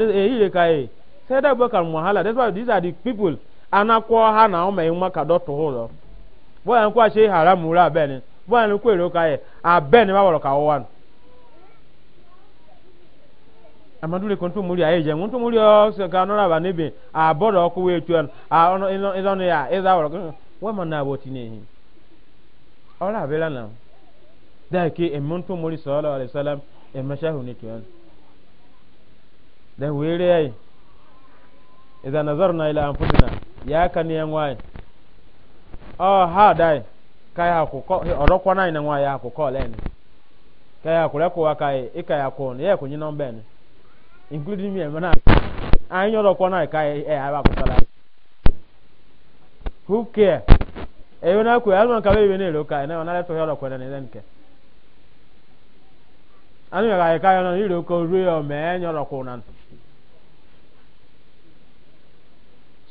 [SPEAKER 1] e, kai said Abubakar Muhala. That's why these are the people anakwo ha na ụmụ nwa ka dọtụ ụlọ. Bọya nkwa hara haram ura abeni. Bọya nkwa ero ka ye abeni ba ka ụwa nụ. Amadule aye je ngontu o se ka ba nebe a bodo ku etu tu a ono ino wa na boti ne hi ora bela na da ke e idza nazarna na anfusina ya kan ya ngwai oh na dai kai ha ku ko oro kwa nai na ngwai ha ku ko len kai ika ya ko ne ku including me na anyo who care alman ka be ne ro kai na na ne ke anu ya kai kai na ni ko ru yo me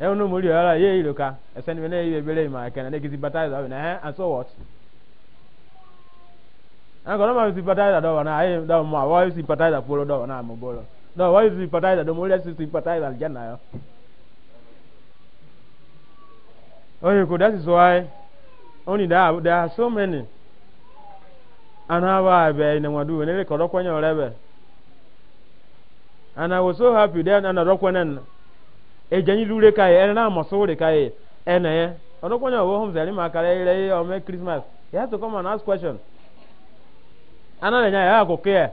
[SPEAKER 1] ɛwọn no mori ɔyala yɛ yiro ka ɛsɛn mi na yɛ ebere ma kɛnɛ ne kisi batayiza ɔbi na hɛn aso wɔt ɛn kɔnɔ ma mi si batayiza dɔ wɔna ayi dɔ mo a wɔyɛ si batayiza polo dɔ wɔna mo bolo dɔ wɔyɛ si batayiza dɔ mori ɛsi that is why only there there are so many anawa abɛ ɛnɛmɔdu wɛnɛ kɔdɔ kɔnyɛ ɔrɛ bɛ and i was so happy then anadɔ kɔnɛ no. ejani lure ka ye na masore ka ye ena ye ono kwanya wo hom zali makara ile ye o me christmas you have to come and ask question ana le nya ya ko ke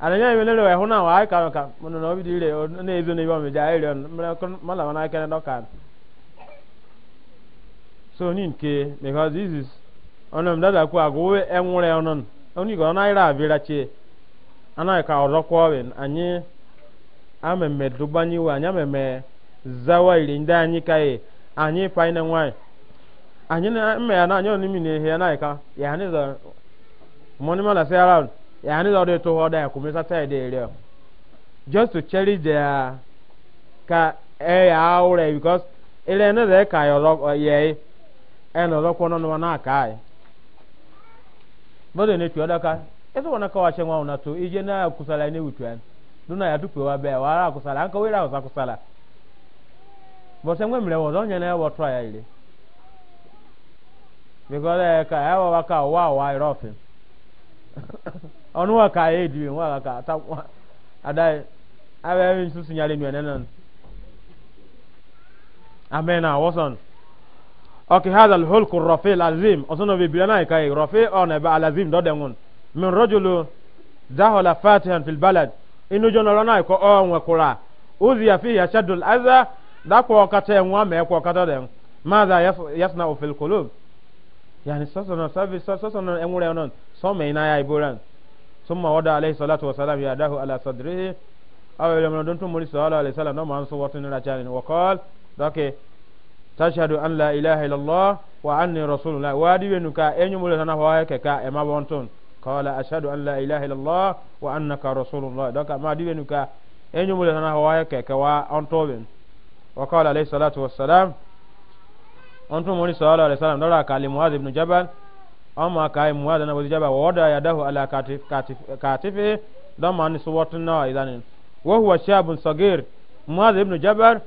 [SPEAKER 1] ana nya me le ho na wa ka ka mono no bi dire na ezo ne ba me ja ile mra kon mala na ka no ka so nin ke because this is ono mda da ku ago oni go na ira ana ka anyi amemme dubanyi wa anyi amemme zawairi ndị anyị ka ye anyị fain nwanyị anyị na mma ya na anyị onimi na ehe na ka ya ni za money man say around ya ni za de to ho da ku tai de ere just to cherish the ka e ya aure because ile e, na ze ka yo ye e no ro kono no na ka ai bodo ne tu oda ka eso wona ka wa chenwa una tu ije na kusala ne wutu an duna ya tupe wa be wa ara kusala an ka we ra kusala bọsẹ ngwe mìrẹ wọdọ nyẹ náà wọ tọ ya ilé because ẹ eh, ka ẹ eh, wọ waka wọ àwọ ayọrọ ọfin ọnu wọ ka ẹ eh, diwe wọn wọ ka ata wọn ada abẹ ẹ nsusu nyalẹ nu ẹ nẹnẹ nu amen ah, na wọsọn ọkì hada lholku rọfẹ lazim ọsọ náà bìbìrẹ náà ka ẹ rọfẹ ọ oh, nà ẹ bá alazim dọdẹ wọn min rọjòló dahola fatihan filbalad inú jọ náà lọ náà kọ ọ ń wẹkura uzi àfi da kwa wakata yan wame kwa wakata da yan maza yasna ofil kulub yani sasa na sabi sasa na yan wura nan so mai na ya iboran summa wada alaihi salatu wa salam ya dahu ala sadrihi aw ila man dun tumuri sallallahu alaihi wasallam no man so watin na chani wa qal dake tashhadu an la ilaha illallah wa anni rasulullah wa diwe nuka enyu mulo sana wa ke ka e ma bonton qala ashhadu an la ilaha illallah wa annaka rasulullah daka ma diwe nuka enyu mulo sana wa ke ka wa on وقال عليه الصلاة والسلام أنتم مولي صلى الله عليه وسلم دورا كالي معاذ بن جبل أما كاي معاذ بن جبل ووضع يده على كاتف كاتف كاتفه دم عن صوتنا إذن وهو شاب صغير معاذ بن جبل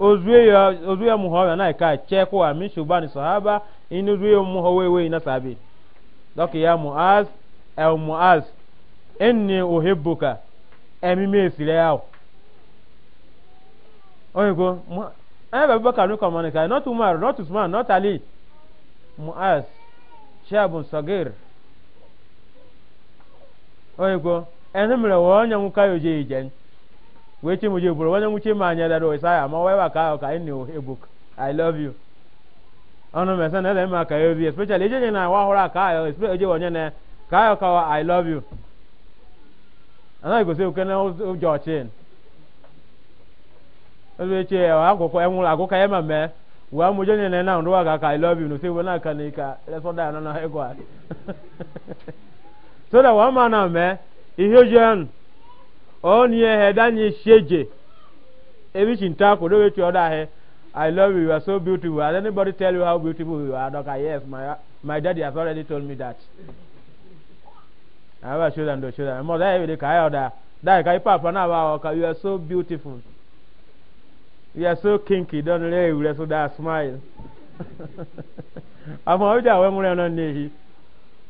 [SPEAKER 1] ozuya muhawe na ka cheko ami shubani sahaba inu zuya muhawe we na sabi dok ya muaz el muaz inni uhibbuka emi oyigo ebe bakar nuka manika not umar not usman not ali mu'az shabun sagir oyigo ẹni mìíràn wọ́n nyẹ́ nwúká yóò jẹ́ ìjẹ́ wọ́n ti mú jẹ́ ìbúrò wọ́n nyẹ́ nwúché máa nyẹ́ dada ìsáyà àmọ́ wọ́n bá ká ọkà ebuk i love you ọ̀nà mẹ́sàn-án ẹ̀dẹ̀ mìíràn kà yóò bí especially ìjẹ́ yẹn náà na ahọ́rọ̀ àká ayọ̀ especially ìjẹ́ wọ́n náà ká i love you. àná ìgòsè òkè náà ó jọ ebeche agụkọ enwụrụ agụka ya ma wee mụje nyere na ndụ aga ka ilobi n'osi iwe na-aka na ika lesọda anọ na ego a so that wa ma na mee ihe oji on ye he danye sheje e nta ọ oda he i love you you are so beautiful has anybody tell you how beautiful you are yes my my daddy has already told me that you are so kinky don re ewure so that smile I'm already ìjà wẹ́mú rẹ̀ náà ní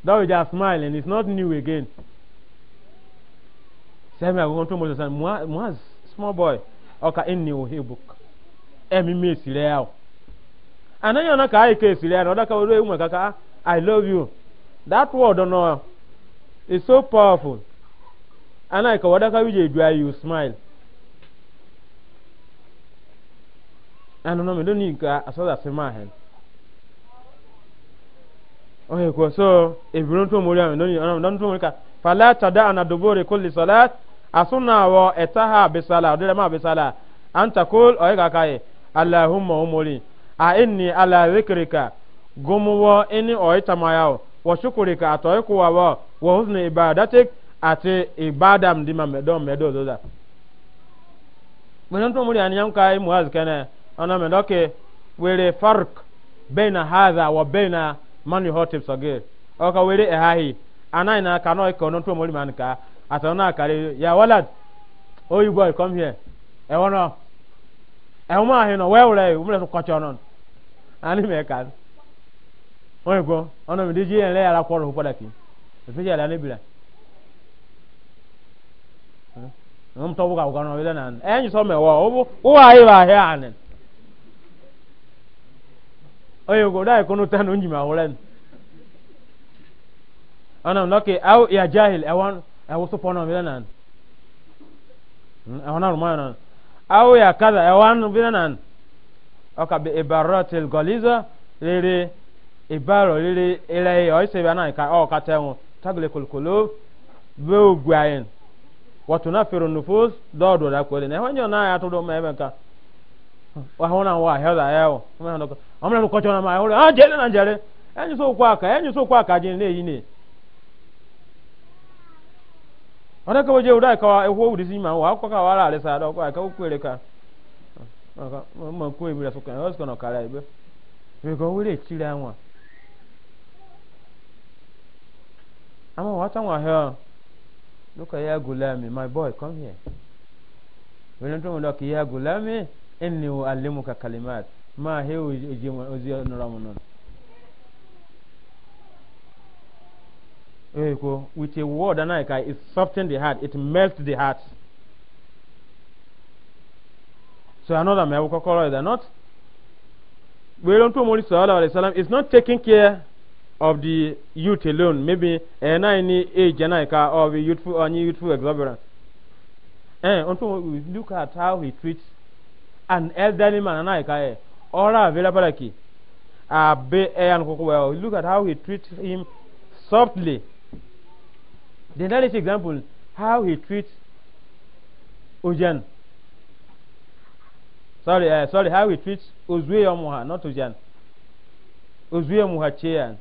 [SPEAKER 1] that way just smile and it's not new again Same want to tó mọ̀ sọ̀sán muaz small boy Okay, ọkà ẹni òhe book ẹ̀mí mi and then you're not náà kàá èké èsì rẹ̀ ọ̀ ọ̀dọ́ka olóyè wùmọ̀ kàkà ah, i love you that word ọ̀nà is so powerful And ànáyàn kàwọ́ ọ̀dọ́ka wíjẹ̀ ìdúrà you smile. ɛnu no mi do ni nka asɔda se maa hɛn ɔyɛ kò so ebiro tó mori ami lóni ɔnà ɔnà tó mori ka fala tada anadobore kò lisala asuna wɔ ɛta ha abisala ɔdɛrɛ ma abisala anta kol ɔyɛ kaka yɛ alahuma omori a ɛni ala wekirika gomu wɔ ɛni ɔyɛ tamaya wɔ wɔ sukurika atɔyɛ kowa wɔ wɔ hosini ibadatik ati ibadam di ma mɛdɔn mɛdɔn zoza. gbɛdɔn tó mori ani yan ka ye ana me doke were farq baina hadha wa baina man yuhatib sagir o ka were ehahi ana ina ka no ko non to mori man ka atona kare ya walad oh you boy come here e wono e o ma he no we were umre so kwacho non ani me ka o igbo ona me dije en le ara kworo ho padaki e fi ya la nebira Não estou a jogar na vida, não. É, a gente só me ouve. O aí vai, é, oye go dai no tan onyi ma holen ana noke au ya jahil awan awu so pono milanan awana hmm, rumana au ya kaza awan milanan oka bi ibaratil galiza rere ibaro rere ile o se bana ka o oh, ka tewu tagle kulkulu be ogwayen watunafiru nufus dodo da kwele ne wanyo na ya to do mebe ka wa hona wa hela yao ọmọ ẹnu kọjọ náà máa ọrẹ ah jẹrẹ na jẹrẹ ẹni sọ òkú aka ẹni sọ òkú aka jẹ ní èyí na wọn dẹ́kẹ́ wọ́n jẹ́ òdà ẹ̀ka wa ẹ̀hó òwúrẹ́ ụwa màá wà á kọ́ ká wà á ka rẹ̀ sáadà ọkọ̀ àìká òkú èrè ma he oji ozi nọrọ m nọ ekwo with a word anaghị ka it soften the heart it melt the heart so another ma ewu kọkọrọ is not were ntụ omori sallallahu alaihi wasallam is not taking care of the youth alone maybe eh na ni age na ka of youthful any youthful exuberance eh ntụ look at how he treats an elderly man anaghị ka eh ora vela balaki abe ayan ko well look at how he treats him softly the next example how he treats ojan sorry uh, sorry how he treats ozwe omuha not ojan ozwe omuha cheyan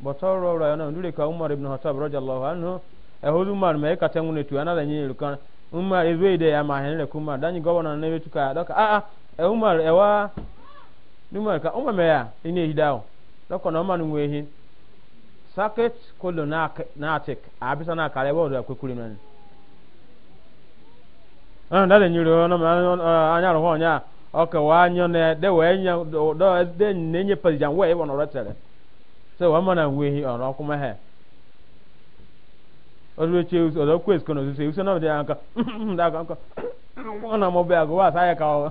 [SPEAKER 1] but oro oro yana ndure ka umar ibn khattab radiyallahu anhu ehudu umar me ka tengune tu anada nyi rukan umar ezwe ide ya mahenle kuma danyi governor ne betuka doka ah ah umar ewa numar ka umar meya ina hidawo lọkọ na umar nwe ehi sakit kolo na atik abisa na akara ebe ọdụ akwekuru nani ah dada nyiri ọnụ ma anya rụhụ ọnya ọka wa anya na de wee nye dọ de na enye pazijan wee ịwọ nọrọ tere so wa mana nwe ehi ọrụ ọkụ mehe ọdụ eche ọdụ ọkụ esikọ na osisi ewusa na ọdụ ya nka ndị aka nka nwa na mọbịa agụwa asa ya ka ọ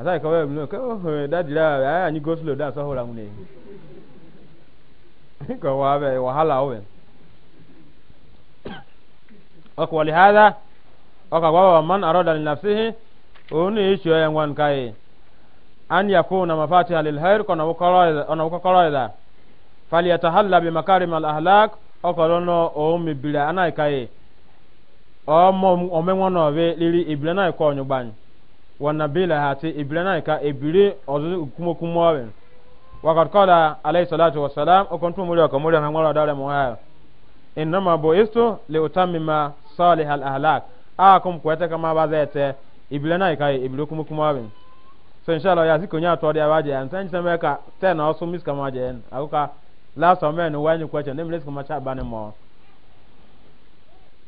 [SPEAKER 1] asa ka wɛm no ka oh dadira anyi go slow da so hola mu ne ko wa be wahala o ok wali hada ok wa man arada li nafsihi onu ishu ya ngwan kai an yakuna mafatiha lil khair kana wakara ona wakara da falyatahalla bi makarim al ahlak okolono o mi bila anai kai o mo o me wono be liri ibila na ko nyugban wanabila hati ibilana ka ibili ozu kumo kumo awen wakad kala alayhi salatu wassalam okontu muri wakamuri na mwala dawla muhayo innama buistu liutamima salih al ahlak akum kwete kama bazete ibilana ka ibili kumo kumo awen so inshallah ya ziko nya todi awaje antan sema ka tena osu mis kama je aluka last amen wani kwacha nemles kama cha bane mo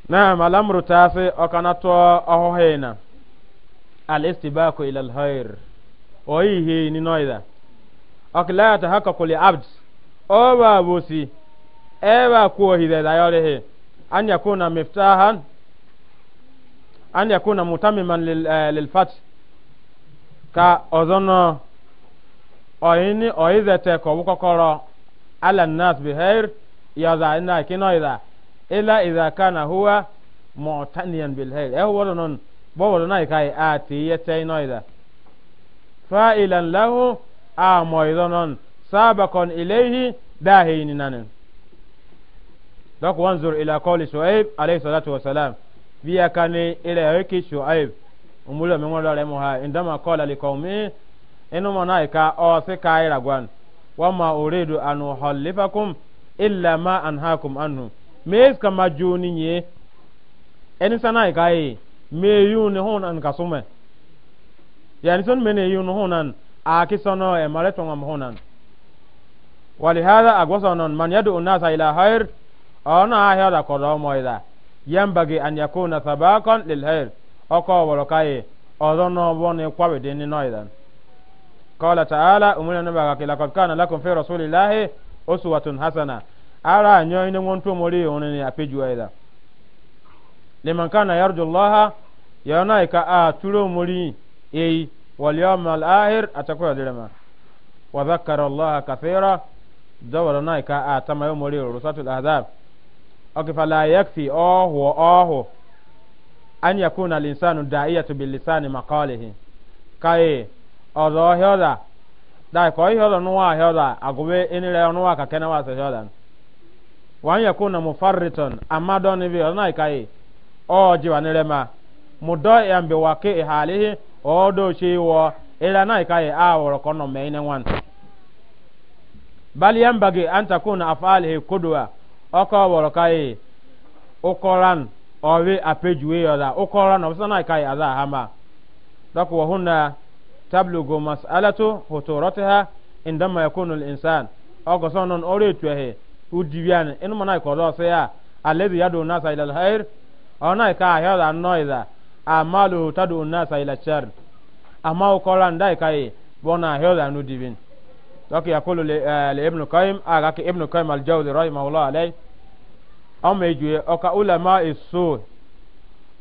[SPEAKER 1] na malamru tasi okanato ohohena alistibaku ila alkhair oyi he ni noida akla ya tahaqqaqu li abd Owa ba ewa e ba ko hide da yore he an yakuna miftahan an yakuna mutammiman lil eh, lil fat ka ozono oini oyizete ko bukokoro ala nas bihair ya za ina kinoida ila idha kana huwa mu'taniyan bil hair e huwa bọ́wọ̀lù náà ìka àti iyẹ́tẹ́ iná ìdá fa ìlànà lẹ́hùn àmọ̀ ìdọ́nà sábàkọ̀n ìléyìí dáhìí nínú dɔk wanzur ila kɔli shu'aib alayhi salatu wa salam biya kani ila yaki shu'aib umulo mi ngolo remo ha indama qala li qaumi inu mona ka o se kai ragwan wa ma uridu an uhallifakum illa ma anhaakum anhu mes kama juni nye eni sana kai me yun hon an kasume yani son mene yun honan a kisono e mare tonga honan walihada agwasanon man yadu nasa ila khair ona ahira kodo moida yambagi an yakuna sabaqan lil khair oko wolokai odono bone kwabede ni noidan qala ta'ala umuna nabaga kila qad kana lakum fi rasulillahi uswatun hasana ara nyoy ne ngontu mori onene apejuwa ida liman kana yarju allaha yana ka a turo muri eyi wal yawm al akhir atakuwa dirama wa dhakkara allaha kathira dawara na ka a tama yo muri rusatul ahzab okay fala yakfi ohu ohu an yakuna al insanu da'iyatu bil lisani maqalihi kai ozo hyoda dai ko hyoda nuwa hyoda agube inire nuwa ka kenawa se hyoda wan yakuna mufarritan amma don bi ona kai oji wanirema mudo ya mbe wake ihalihi odo shiwo ila na ikai aworo kono meine wan bal yambagi an takuna afalihi kudwa oko woro kai ukoran owi apejuwe yoda ukoran obisa na ikai aza hama dako wahunna tablugu mas'alatu huturatiha indama yakunu al-insan ogosonon oretuhe udibian inu mana ikodo se ya alladhi yadu nasa ila al-khair ona ka ahyada noiza amalu tadu nasa ila shar ama ukola ndai kai bona ahyada nu divin doki yakulu li, uh, eh, li ibn qayyim aga ki ibn qayyim al-jawzi rahimahullah alay amma ijue oka ulama isu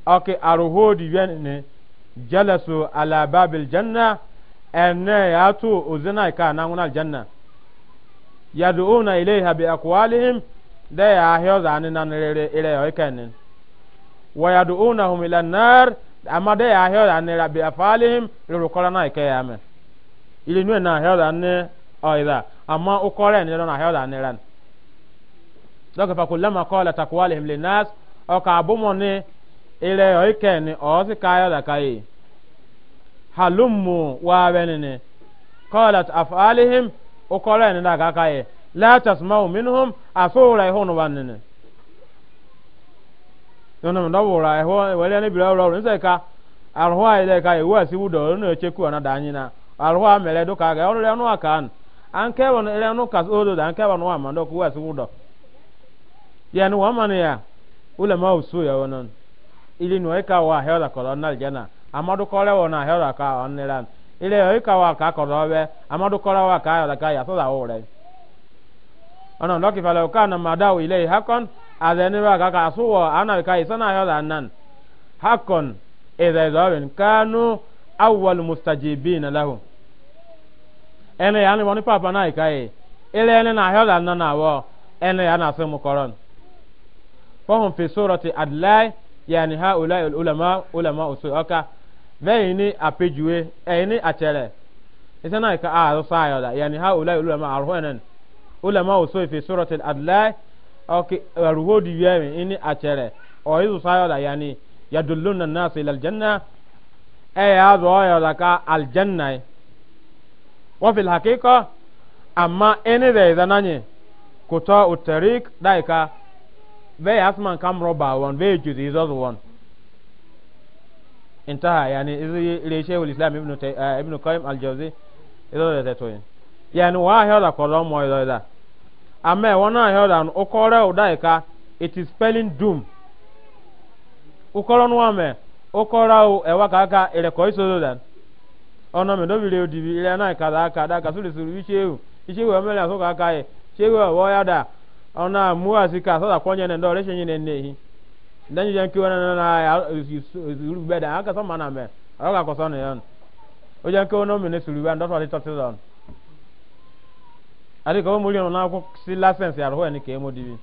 [SPEAKER 1] oki aruhodi yenni jalasu ala babil janna enne yatu uzina ka nangunal janna yad'una ilayha bi aqwalihim da ya ahyada ni nan rere ire yoikenin ويدعونهم إلى النار أما دي أهير أن ربي أفعالهم لرقلنا إكيامه ili nwe na ahịa ọrịa nne ama ụkọrọ ya na ahịa ọrịa nne dọkịta fakulama kọla takwali himle nas ọka abụmọ ahịa ka halummu kọla afalihim ụkọrọ na ka wa nono ndawura ne wura ka e ka no e e cheku na danyi na arwa mele do ka ga ole no aka an anke won no ka odo da anke won wa ma do ku asibu do ya no wa ya ule ma usu ya wonon ili no wa he colonel jana amadu kole he ka ile wa ka ya ka ya so da adani ba kaka asuwa ana ka isana ya da nan hakon idza zawin kanu awwal mustajibin lahu ene ya ni woni papa na ikai ile ene na ya da nan awo ene ya na so mu koron fahum fi surati adlai yani haula ulama ulama usuka bayni apejue eni achere isana ka a ah, so ayo yani haula ulama arhonen ulama usufi surati adlai ok ruho di yemi ini achere o izu sayo da yani yadulluna nasu ila aljanna e ya zo ya da ka aljanna wa fil haqiqa amma ene da izananye kuta utarik daika ve asman kam roba won ve juzi zo won intaha yani izi ile shaykhul islam ibnu ibnu qayyim al-jawzi izo da tatoyin yani wa ya da kolomo izo da ama wọn i heard dan ɔkɔrɛ ɔda it is spelling doom ɔkɔrɔ no amɛ o ɛwɔ kaka ɛrɛkɔ isoso dan ɔnɔ mɛ dɔbi leo dibi ilẹ náà kàdà kàdà kàtó lè sori iṣewu iṣewu ɛmɛ lè so ya da ya aka sɔ ma na mɛ ɔyɔ kakɔsɔ nɛ yɛn o yɛn ati ko mo liyo na ko si license ya roho ni ke mo dibi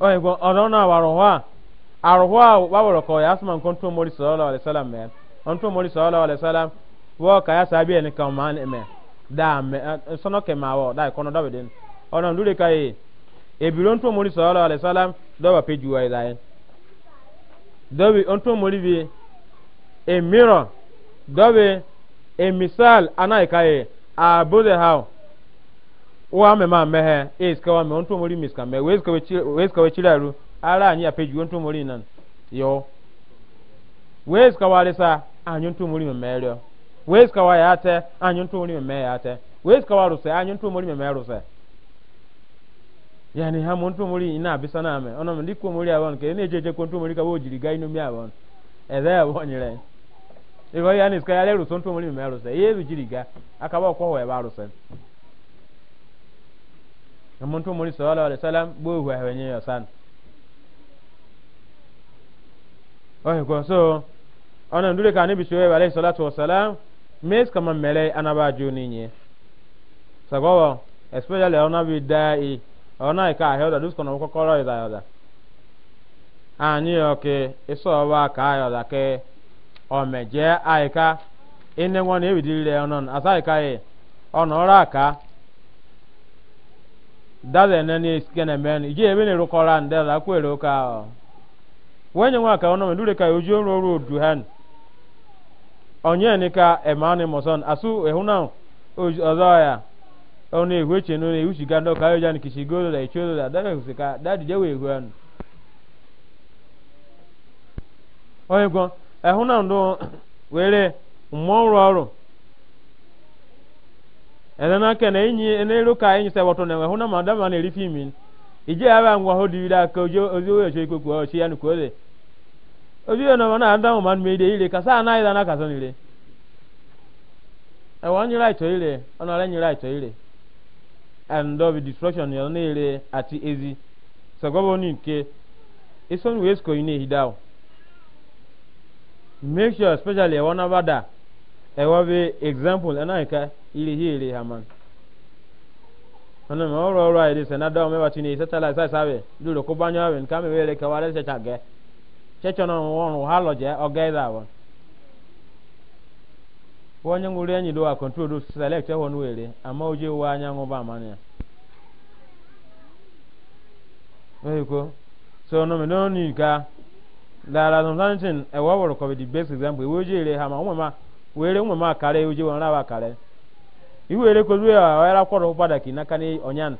[SPEAKER 1] o e go ono na wa roho a aroho a wa wo ko ya asman kon to mori sallallahu alaihi wasallam me on to mori sallallahu alaihi ka ya sabi en kan man me da me sono ke ma wo da ko no dabe den ono lure ka e e bi ron to mori sallallahu alaihi peju wa ila en do bi on bi e mirror do bi e misal anai ka e abude hao wa me ma mehe iska wa me on to mori miska me weska we weska we chiraru ara anyị apeju on to mori nan yo weska wa lesa anyi on to mori me meryo weska wa yate anyi on to mori me me yate weska wa ruse anyi on to mori me me ruse ha mụ to mori ina bisa na me ono me dikko mori awon ke ne jeje ko on to ka wo jiri ga inu mi awon e da awon ebo yani ska yale ruson to muri mero se yezu jiriga akaba ko ho yaba ruson amon to muri sallallahu alaihi wasallam bo ho hawenye yosan oy ko so ona ndure ka nabi shoye alaihi salatu wasalam mes kama mele anaba joni ninye. sagowo especially ona bi dai ona ka heoda dus na ko koro ida yoda anyi oke iso wa ka yoda ke ome jee aika ine nwa na ebidilile ọnọn asa aika ye ọnọ ọrụ aka dada ene ni esike na eme ije ebe na erukọra ndị ala kwere ụka ọ wenye nwa ka ọnọm ndure ka oji oru oru odu ha onye ni ka emani moson asu ehuna ọzọ ya ọnụ ehu eche na ehu shiga ndị ọka ayoja nkishi golo da echi olo da dada ehu sika dada jewe ehu ọnụ onye ehuna ndo were mmọnwụrụ ọrụ ene na ke na ka enyi sɛ wɔtɔ na ehuna ma dama na eri fiimi ije ya ba ngwa ho di da ka ojo ojo oyo che ikoku o chi ya nu kole ojo yo na na anda ma me ide ile kasa na ida na kasa ni ile e wa nyi right ile ona le nyi right ile and destruction yo na ati ezi so gobo ni nke ison we esko make sure especially ɛwɔ n'abada ɛwɔ bi example ɛna ika iri hi iri ha man ɔnum ɔwɔrɔ ɔwɔrɔ ayi de sɛ na dɔw mɛba tuni sɛtɛla ɛsɛ sábɛ lórí kó bá nyɔɔ nǹkan mi wéere kẹwàá lẹsẹ tsa gɛ tsɛtsɛ náà wọn wò hálɔ jɛ ɔgɛ yi dà wọn. wọn nyɛ ŋuri ɛnyi do a control do select ɛwɔ eh, nu wéere ama wo dze wo anya ŋu ba ma nia. oye ko so ɔnum ɛnɔ nu yi ka there are some something a war of the best example we jere ha ma umma were umma kare uje won rawa kare iwere ko zuwa wa era ko ro pada ki naka ni onyan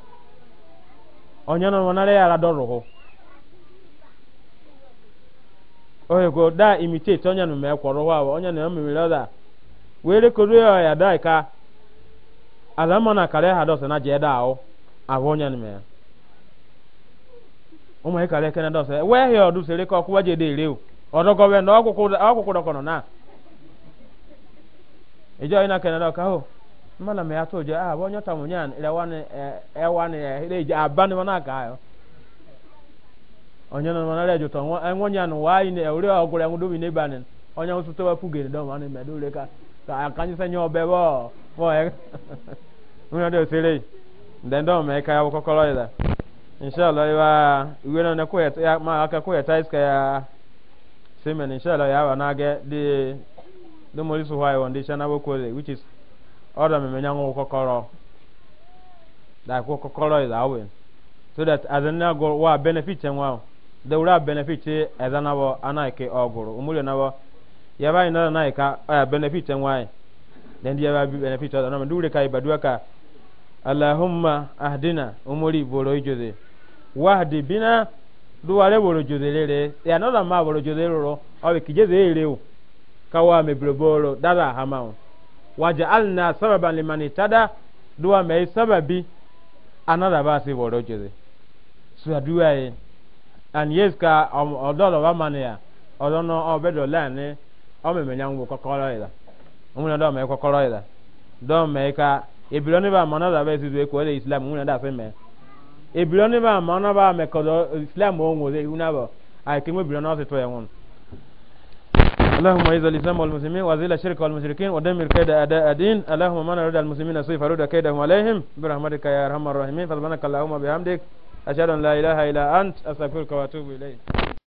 [SPEAKER 1] onyan no na re ara do roho oye go da imitate onyan me ko ro wa onyan no me re da were ko zuwa ya da ka alama na kare ha do se na je da o avonyan me ụmụ ịka lekere a ọsọ wee hịa ọdụ sere ka ọkwụwa ji ede ere o ọdọgọwe na ọkwụkwụ dọkọnọ na ijọ ina kene dọka ho oh, mmana m ya tụ ụjọ ah onye ọta na e, e, e, aba aka onye nọ na rejo tọ enwonye waa na ewure ọgwụrụ enwu onye nwụsụ dọma nye ọbẹ ya ya kọkọrọ ịla inshallah ya iwe na kwa ya ma aka kwa ya taiska ya semen inshallah ya na ge di do mori su hwa won di chana wo ko le which is order me menya ngo kokoro da ko kokoro is awe so that as an go wa benefit en wa the ura benefit e, as an awo anaike oguru umuri na wo ya ba ina na ka benefit en wa then dia ba benefit na me dure kai baduaka Allahumma ahdina umuri boro ijoze wahdi bina duwale woro jodelele ya noda ma woro jodelelo awe kijeze eleo kawa mebroboro dada hamao waja'alna sababan liman itada duwa mai sababi anada basi woro jode suya duwa ye an yeska odolo wa mania odono obedo lani omemenya ngwo kokoro ida omuna do mai kokoro ida do mai ka ebiro ne ba manada basi duwe ko islam muna da fe mai ebiro ne ba ma na ba me kodo islam won wo una ba ay kemo biro na se to yawon اللهم اعز الاسلام والمسلمين واذل الشرك والمشركين ودمر كيد اعداء الدين اللهم من اراد المسلمين سوء فرد كيدهم عليهم برحمتك يا ارحم الراحمين سبحانك اللهم بحمدك اشهد ان لا اله الا انت استغفرك واتوب اليك